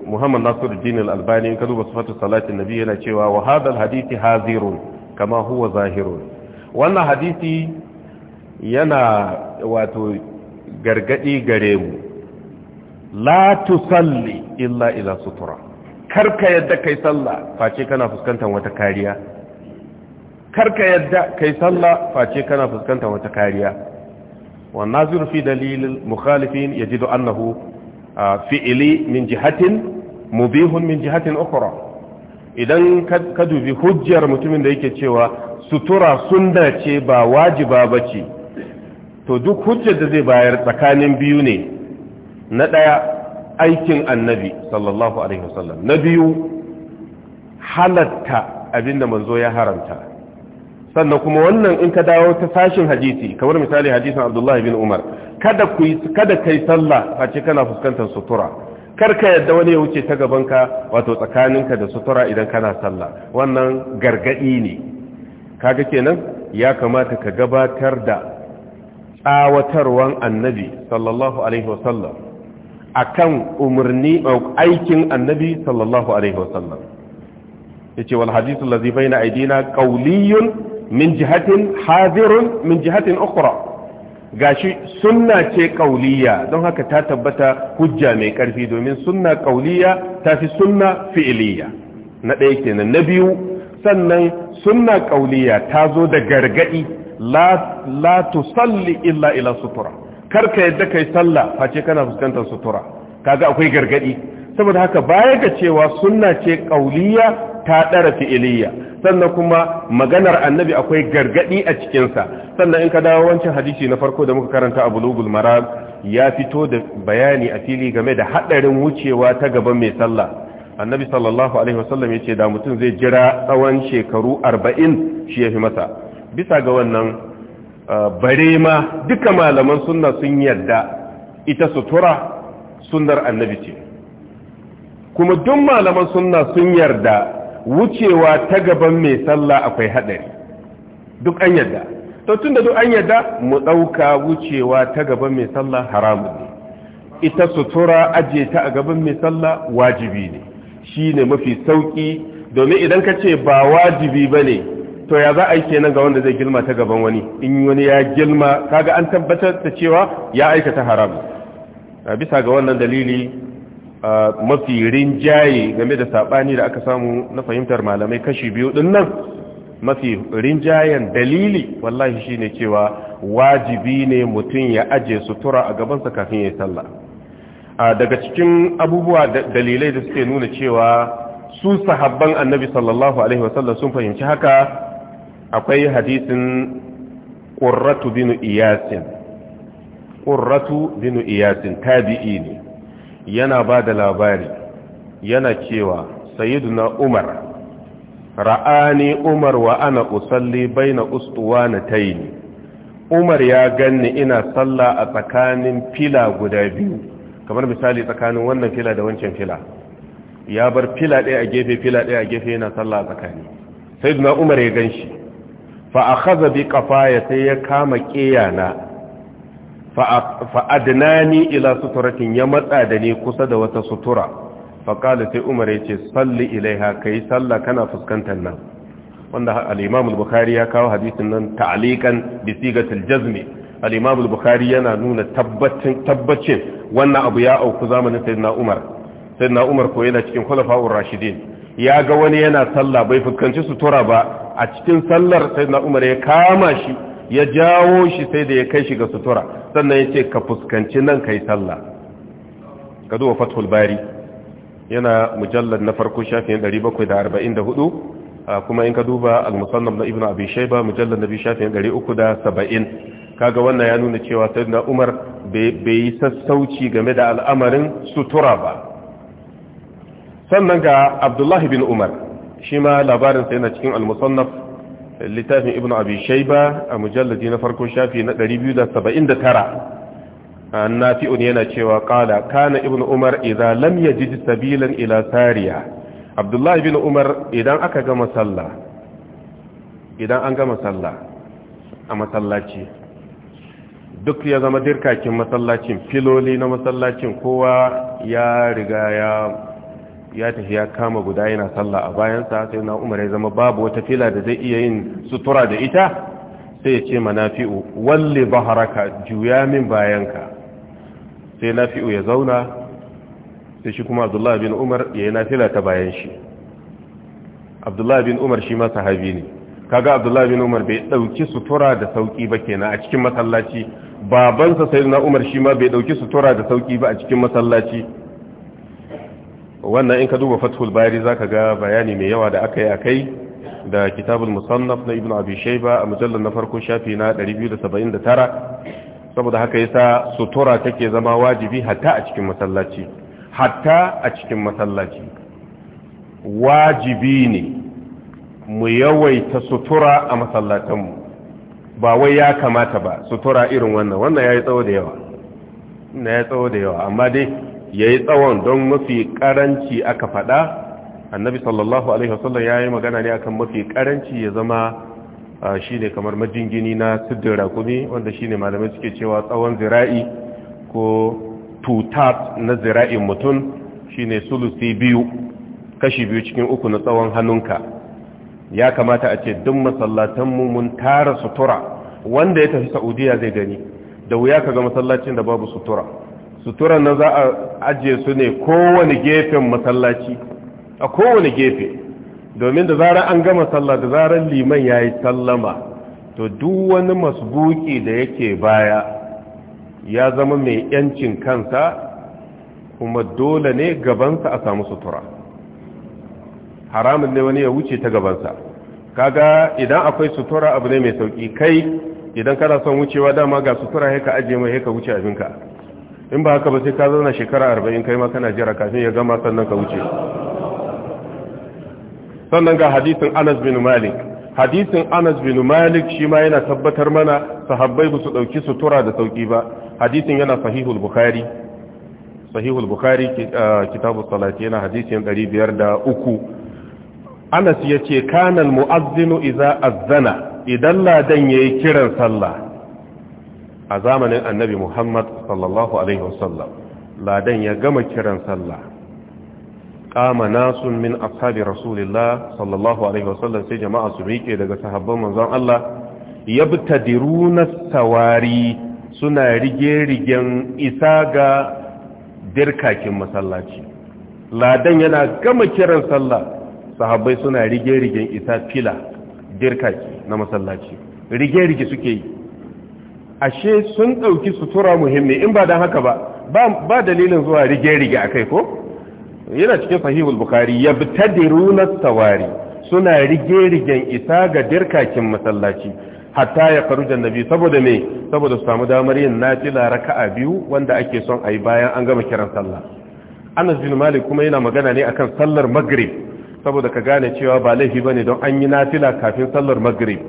Muhammad nasir Al-Albani in ka duba sifatu salatin nabi yana cewa wa hadal hadisi hazirun kama huwa zahirun wannan hadisi yana wato gargadi gare mu la tusalli illa ila sutura karka yadda kai sallah face kana fuskantar wata kariya karka yadda kai sallah face kana fuskantar wata kariya والناظر في دليل المخالفين يجد أنه فعلي من جهة مبيح من جهة أخرى idan ka dubi hujjar mutumin da yake cewa sutura sunna ce ba wajiba ba ce to duk hujjar da zai bayar tsakanin biyu ne na ɗaya aikin annabi sallallahu alaihi wasallam na biyu halatta abinda manzo ya haramta sannan kuma wannan in ka dawo ta sashin hadisi kamar misali hadisin abdullahi bin umar kada ku kada kai sallah a ce kana fuskantar sutura kar ka yadda wani ya wuce ta gabanka wato tsakaninka da sutura idan kana sallah wannan gargadi ne kaga kenan ya kamata ka gabatar da tsawatarwan annabi sallallahu alaihi wasallam akan umarni aikin annabi sallallahu alaihi wasallam yace wal hadithu allazi baina aidina qawliyun min jihatin hadirun min jihatin ukhra gashi sunna ce kauliya don haka ta tabbata hujja mai karfi domin sunna kauliya ta fi sunna fi'iliya na ɗaya kenan na biyu sannan sunna kauliya ta zo da gargadi la tusalli illa ila sutura karka yadda kai sallah face kana fuskantar sutura kaga akwai gargadi saboda haka baya ga cewa sunna ce kauliya ta dara fi'iliya sannan kuma maganar annabi akwai gargadi a cikinsa sannan in ka dawo wancan hadisi na farko da muka karanta a bulugul marad ya fito da bayani a fili game da hadarin wucewa ta gaban mai sallah annabi sallallahu alaihi wasallam ya ce da mutum zai jira tsawon shekaru 40 shi ya fi masa bisa ga wannan barema, duka malaman sunna sun yarda ita sutura sunnar annabi ce kuma duk malaman sunna sun yarda wucewa ta gaban mai sallah akwai hadari duk an yarda to tunda duk an yarda mu ɗauka wucewa ta gaban mai sallah haramun ne ita sutura aje ta a gaban mai sallah wajibi ne Shi ne mafi sauki domin idan ka ce ba wajibi bane to ya za a yi kenan ga wanda zai gilma ta gaban wani in wani ya gilma kaga an tabbatar da cewa ya aikata haram bisa ga wannan dalili mafi rinjaye game da saɓani da aka samu na fahimtar malamai kashi biyu ɗin nan mafi rinjayen dalili wallahi shine cewa wajibi ne mutum ya aje sutura a gabansa kafin ya yi sallah daga cikin abubuwa dalilai da suke nuna cewa su sahabban annabi sallallahu alaihi wasallam sun fahimci haka akwai hadisin ƙurratu binu iyasin ƙurratu binu iyasin tabi'i ne yana ba da labari yana cewa sayyiduna umar ra'ani umar wa ana usalli baina ustuwana taini umar ya ganni ina sallah a tsakanin fila guda biyu kamar misali tsakanin wannan fila da wancan fila ya bar fila ɗaya a gefe fila ɗaya a gefe yana sallah a tsakani sayyiduna umar ya ganshi fa akhadha bi qafaya sai ya kama qiyana fa'adnani ila suturatin ya matsa da ni kusa da wata sutura faƙali sai umar ya ce salli ilaiha ka yi salla kana fuskantar nan wanda al'imam ya kawo hadisin nan ta'alikan bisigatul jazmi al'imam bukhari yana nuna tabbacin wannan abu ya auku zamanin sayyidina umar sayyidina umar ko yana cikin khulafa'ur rashidin ya ga wani yana salla bai fuskanci sutura ba a cikin sallar sayyidina umar ya kama shi ya jawo shi sai da ya kai shi ga sutura sannan ya ce ka fuskanci nan kai sallah ka zuwa fathul bari yana mujallar na farko shafin 744 kuma in ka duba al-musannaf na ibnu abi shayba mujallar na bi shafin 370 kaga wannan ya nuna cewa sayyidina umar bai yi sassauci game da al'amarin sutura ba sannan ga abdullahi bin umar shi ma labarinsa yana cikin al-musannaf littafin ibn abi shaiba a mujalladi na farko shafi na 279 nafi'un yana cewa kala kana ibn umar idan lam yajid sabilan ila sariya abdullahi ibn umar idan aka idan an gama sallah a masallaci duk ya zama dirkakin masallacin filoli na masallacin kowa ya riga ya ya tafi ya kama guda yana sallah a bayansa sai na umar ya zama babu wata fila da zai iya yin sutura da ita sai ya ce manafi'u walli baharaka juya min bayanka sai nafi'u ya zauna sai shi kuma abdullahi bin umar ya yi nafila ta bayan shi abdullahi bin umar shi masa habi ne kaga abdullahi bin umar bai dauki sutura da sauki ba kenan a cikin masallaci babansa na umar shi ma bai dauki sutura da sauki ba a cikin masallaci wannan in ka duba fathul bari zaka ga bayani mai yawa da aka yi a kai da kitabul musannaf na ibn abi a mujallar na farko shafi na 279 saboda haka yasa sutura take zama wajibi hatta a cikin masallaci hatta a cikin masallaci wajibi ne mu yawaita sutura a masallatanmu ba wai ya kamata ba sutura irin wannan wannan yayi tsawo da yawa na ya tsawo da yawa amma dai ya yi tsawon don mafi karanci aka faɗa annabi sallallahu alaihi wasallam ya yi magana ne akan mafi karanci ya zama shi ne kamar majingini na siddin rakumi wanda shi ne malamai suke cewa tsawon zira'i ko tutat na zira'in mutum shi ne sulusi biyu kashi biyu cikin uku na tsawon hannunka ya kamata a ce duk masallatanmu mun tara sutura wanda ya tafi saudiya zai gani da wuya ka ga masallacin da babu sutura suturan na za a ajiye su ne kowane gefen masallaci a kowane gefe domin da zarar an gama sallah da zarar liman ya yi sallama to duk wani masbuki da yake baya ya zama mai yancin kansa kuma dole ne gabansa a samu sutura haramun ne wani ya wuce ta gabansa kaga idan akwai sutura abu ne mai sauki kai idan kana son wucewa dama ga sutura haika ajiye mai haika wuce abinka in ba haka ba sai ka zauna shekara arba'in kai ma kana jira kafin ya gama sannan ka wuce sannan ga hadisin anas bin malik hadisin anas bin malik shi ma yana tabbatar mana sahabbai ba su ɗauki sutura da sauƙi ba hadisin yana sahihul bukhari sahihul bukhari ah, kitabu salati yana hadisin 503 anas ya ce kanan mu'azzinu iza azzana idan ladan yi kiran sallah a zamanin annabi muhammad sallallahu alaihi wasallam ladan ya gama kiran sallah kama nasun min ashabi rasulillah sallallahu alaihi wasallam sai jama'a su miƙe daga sahabban manzon Allah yabtadiruna sawari suna rige-rigen isa ga dirkakin masallaci ladan yana gama kiran sallah sahabbai suna rige-rigen isa fila dirkaki na masallaci rige-rige suke yi ashe sun ɗauki sutura muhimmi in ba don haka ba ba dalilin zuwa rige-rige a kai ko yana cikin sahihul bukari ya bi ta sawari suna rige-rigen isa ga dirkakin masallaci hatta ya farujan nabi saboda me saboda su samu damar yin nafila raka'a biyu wanda ake son a yi bayan an gama kiran sallah anas bin malik kuma yana magana ne akan sallar maghrib saboda ka gane cewa ba laifi bane don an yi nafila kafin sallar maghrib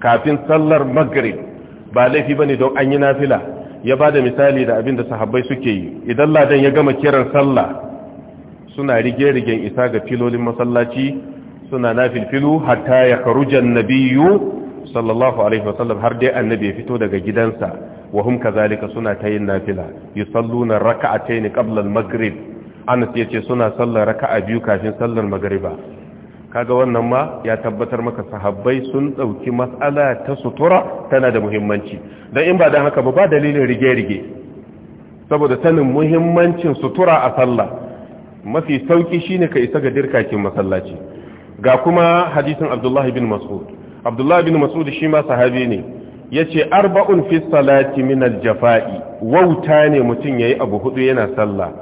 kafin sallar maghrib ba laifi ba ne don an yi nafila ya ba da misali da abin da sahabbai suke yi idan ladan ya gama kiran sallah suna rige-rigen isa ga filolin masallaci suna nafilfilu hatta ya karujan nabiyu sallallahu alaihi wasallam har dai annabi ya fito daga gidansa wa hum kazalika suna ta yin nafila yusalluna raka'atayn qabla al-maghrib Anas yace suna sallar raka'a biyu kafin sallar magriba kaga wannan ma ya tabbatar maka sahabbai sun dauki mas'ala ta sutura tana da muhimmanci dan in ba dan haka ba ba dalilin rige-rige saboda sanin muhimmancin sutura a sallah mafi sauki shine ka isa ga dirkakin masallaci ga kuma hadisin Abdullahi bin Mas'ud Abdullahi bin Mas'ud shi ma sahabi ne yace arba'un fi salati min al-jafa'i wauta ne mutun yayi abu hudu yana sallah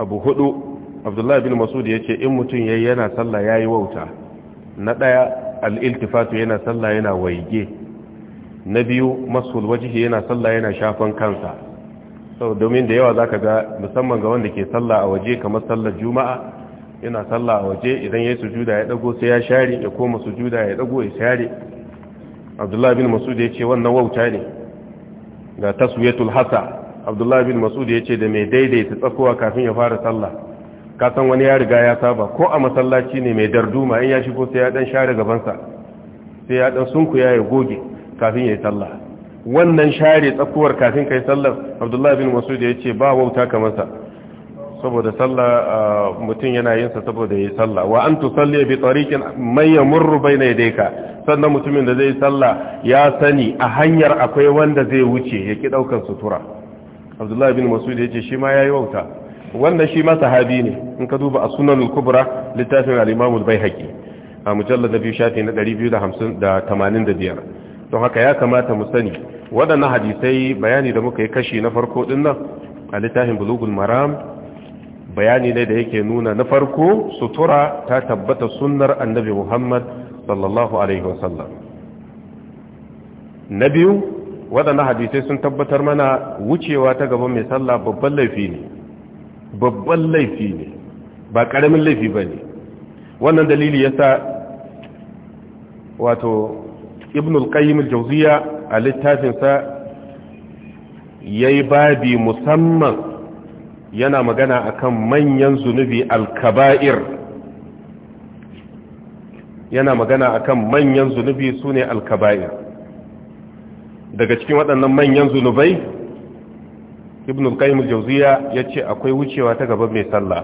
abu hudu abdullahi bin masud ya ce in mutum ya yana sallah ya yi wauta na ɗaya al'iltifatu yana sallah yana waige na biyu masul wajihi yana sallah yana shafan kansa sau domin da yawa za ka ga musamman ga wanda ke sallah a waje kamar sallar juma'a yana sallah a waje idan ya yi sujuda ya ɗago sai ya share ya koma sujuda ya ɗago ya share abdullahi bin masud ya ce wannan wauta ne ga taswiyatul hasa abdullahi bin masud ya ce da mai daidaita tsakowa kafin ya fara sallah ka san wani ya riga ya saba ko a masallaci ne mai darduma in ya shigo sai ya dan share gabansa sai ya dan sunku ya goge kafin ya yi sallah wannan share tsakuwar kafin kai sallar abdullahi bin masud ya ce ba wauta kamar sa saboda sallah mutum yana yin sa saboda ya yi sallah wa an tusalli bi tariqin may yamurru bayna yadayka sannan mutumin da zai sallah ya sani a hanyar akwai wanda zai wuce ya ki daukar sutura abdullahi bin masud ya ce shi ma yayi wauta wannan shi ma sahabi ne in ka duba a sunan al-kubra littafin al-imam al-baihaqi a mujallad biyu shafi na 285 don haka ya kamata mu sani waɗannan hadisai bayani da muka yi kashi na farko din nan a littafin bulugul maram bayani ne da yake nuna na farko sutura ta tabbata sunnar annabi muhammad sallallahu alaihi wasallam na biyu waɗannan hadisai sun tabbatar mana wucewa ta gaban mai sallah babban laifi ne babban laifi ne ba ƙaramin laifi ba ne wannan dalili ya sa wato ibnul qayyim al-jawziya a littafinsa yayi babi musamman yana magana akan manyan zunubi al yana magana akan manyan zunubi sune al-kaba'ir daga cikin waɗannan manyan zunubai ibn qayyim al-jawziya yace akwai wucewa ta gaban mai sallah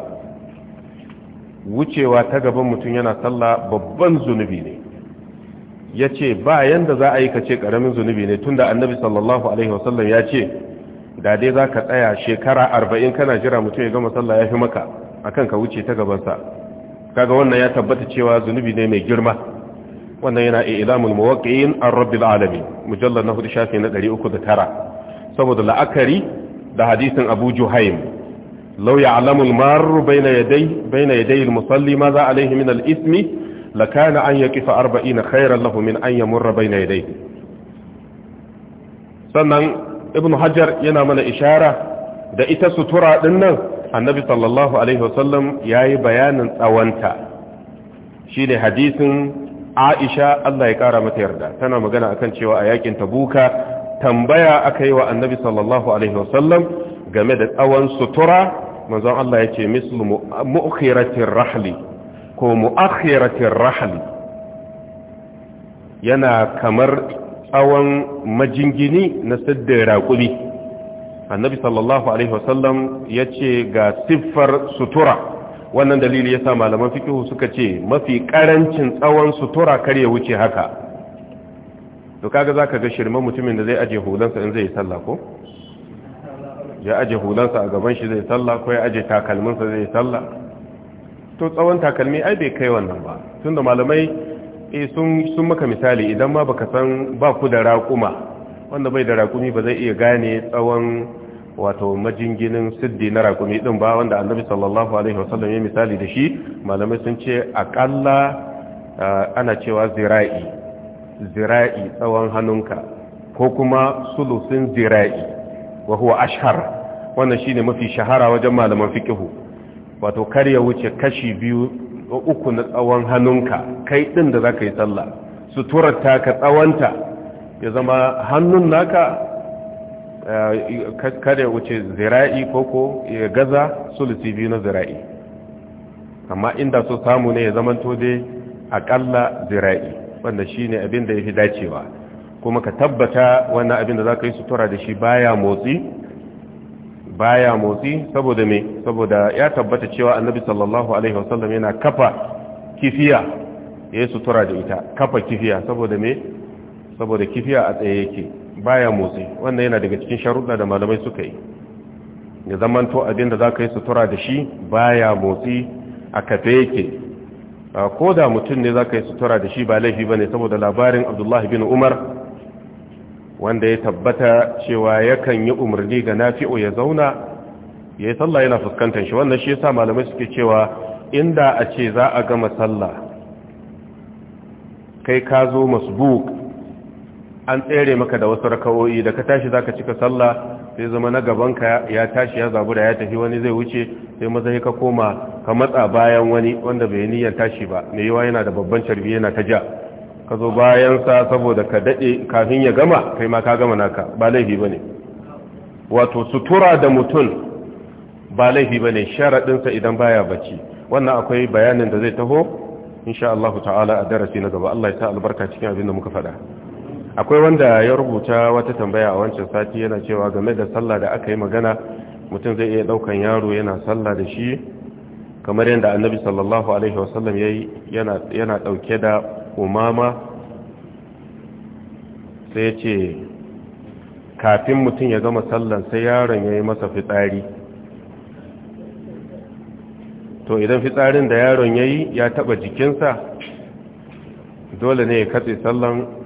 wucewa ta gaban mutum yana sallah babban zunubi ne yace ba yanda za a yi kace karamin zunubi ne tunda annabi sallallahu alaihi wasallam ya ce da dai zaka tsaya shekara 40 kana jira mutum ya gama sallah yafi maka akan ka wuce ta gabansa kaga wannan ya tabbata cewa zunubi ne mai girma wannan yana ilamul muwaqqi'in ar-rabbil alamin mujallad na hudu shafi na 309 saboda la'akari da hadisin abu juhaim lau ya'lamu al-marru bayna yaday bayna yaday al-musalli ma za min lakana an yaqifa 40 khayran lahu min an yamurra bayna dai sannan ibnu hajar yana mana ishara da ita sutura din nan annabi sallallahu alaihi wasallam yayi bayanin tsawanta shine hadisin Aisha Allah ya kara mata yarda tana magana akan cewa a yakin Tabuka tambaya aka yi wa annabi sallallahu alaihi wasallam game da tsawon sutura manzon Allah ya ce mislu mu'akhiratir rahli ko mu'akhiratir rahli yana kamar tsawon majingini na siddin raƙumi annabi sallallahu alaihi wasallam ya ce ga siffar sutura wannan dalili ya sa malaman fikihu suka ce mafi ƙarancin tsawon sutura kar ya wuce haka to kaga zaka ga shirman mutumin da zai aje hulansa in zai sallah ko ya aje hulansa a gaban shi zai sallah ko ya aje takalminsa zai sallah to tsawon takalmi ai bai kai wannan ba tunda malamai e sun sun maka misali idan ma baka san ba ku da raƙuma wanda bai da raƙumi ba zai iya gane tsawon wato majinginin siddi na rakumi din ba wanda annabi sallallahu alaihi wasallam ya misali da shi malamai sun ce akalla eh, ana cewa zira'i zira'i tsawon hannunka ko kuma sulusin zira'i wa huwa ashhar wannan shine mafi shahara wajen malaman fiqhu wato kar ya wuce kashi biyu uku na tsawon hannunka kai din da zaka yi sallah suturar ta ka tsawanta ya zama hannun naka eh, kar ya wuce zira'i ko ya gaza sulusi biyu na zira'i amma inda so samu ne ya zamanto dai aƙalla zira'i wanda shi ne abin da ya fi dacewa kuma ka tabbata wannan abin da ka yi sutura da shi baya motsi baya motsi saboda me saboda ya tabbata cewa annabi sallallahu alaihi wasallam yana kafa kifiya ya yi sutura da ita kafa kifiya saboda me saboda kifiya a tsaye yake baya motsi wannan yana daga cikin sharuɗa da malamai suka yi ya zamanto abin da ka yi sutura da shi baya motsi a kafe yake ko da mutum ne za ka yi sutura da shi ba laifi ba ne saboda labarin abdullahi bin umar wanda ya tabbata cewa yakan yi umarni ga nafi'o ya zauna ya yi sallah yana fuskantar shi wannan shi ya sa malamai suke cewa inda a ce za a gama sallah kai ka zo masbuk an tsere maka da wasu raka'o'i da ka tashi za ka cika sallah sai zama na gaban ka ya tashi ya zabu da ya tafi wani zai wuce sai maza ka koma ka matsa bayan wani wanda bai niyyar tashi ba mai yawa yana da babban carbi yana ta ja ka zo bayan sa saboda ka daɗe kafin ya gama kai ma ka gama naka ba laifi ba ne wato sutura da mutum ba laifi bane ne sharaɗinsa idan baya bacci wannan akwai bayanin da zai taho insha Allah ta'ala a darasi na gaba Allah ya sa albarka cikin abin da muka faɗa akwai wanda ya rubuta wata tambaya a wancan sati yana cewa game da sallah da aka yi magana mutum zai iya daukan yaro yana sallah da shi kamar yadda annabi sallallahu alaihi wasallam ya yana yana dauke da umama sai ce kafin mutum ya gama sallan sai yaron ya yi masa fitsari to idan fitsarin da yaron ya yi ya taba jikinsa dole ne ya katse sallan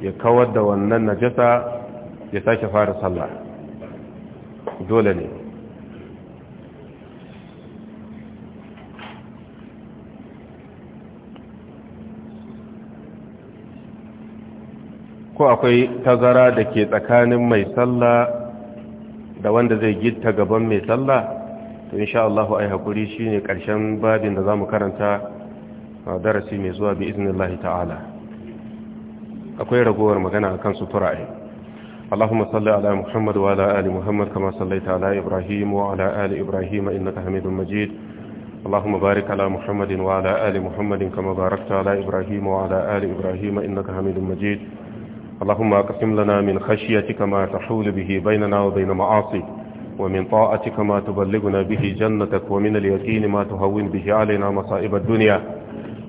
ya kawar da wannan najasa ya sake fara sallah dole ne ko akwai tazara da ke tsakanin mai sallah da wanda zai gita gaban mai sallah to insha Allahu ai hakuri shine karshen babin da zamu karanta a darasi mai zuwa bi iznillahi ta'ala akwai ragowar magana akan sutura ai اللهم صل على محمد وعلى آل محمد كما صليت على إبراهيم وعلى آل إبراهيم إنك حميد مجيد اللهم بارك على محمد وعلى آل محمد كما باركت على إبراهيم وعلى آل إبراهيم إنك حميد مجيد اللهم أقسم لنا من خشيتك ما تحول به بيننا وبين معاصيك ومن طاعتك ما تبلغنا به جنتك ومن اليقين ما تهون به علينا مصائب الدنيا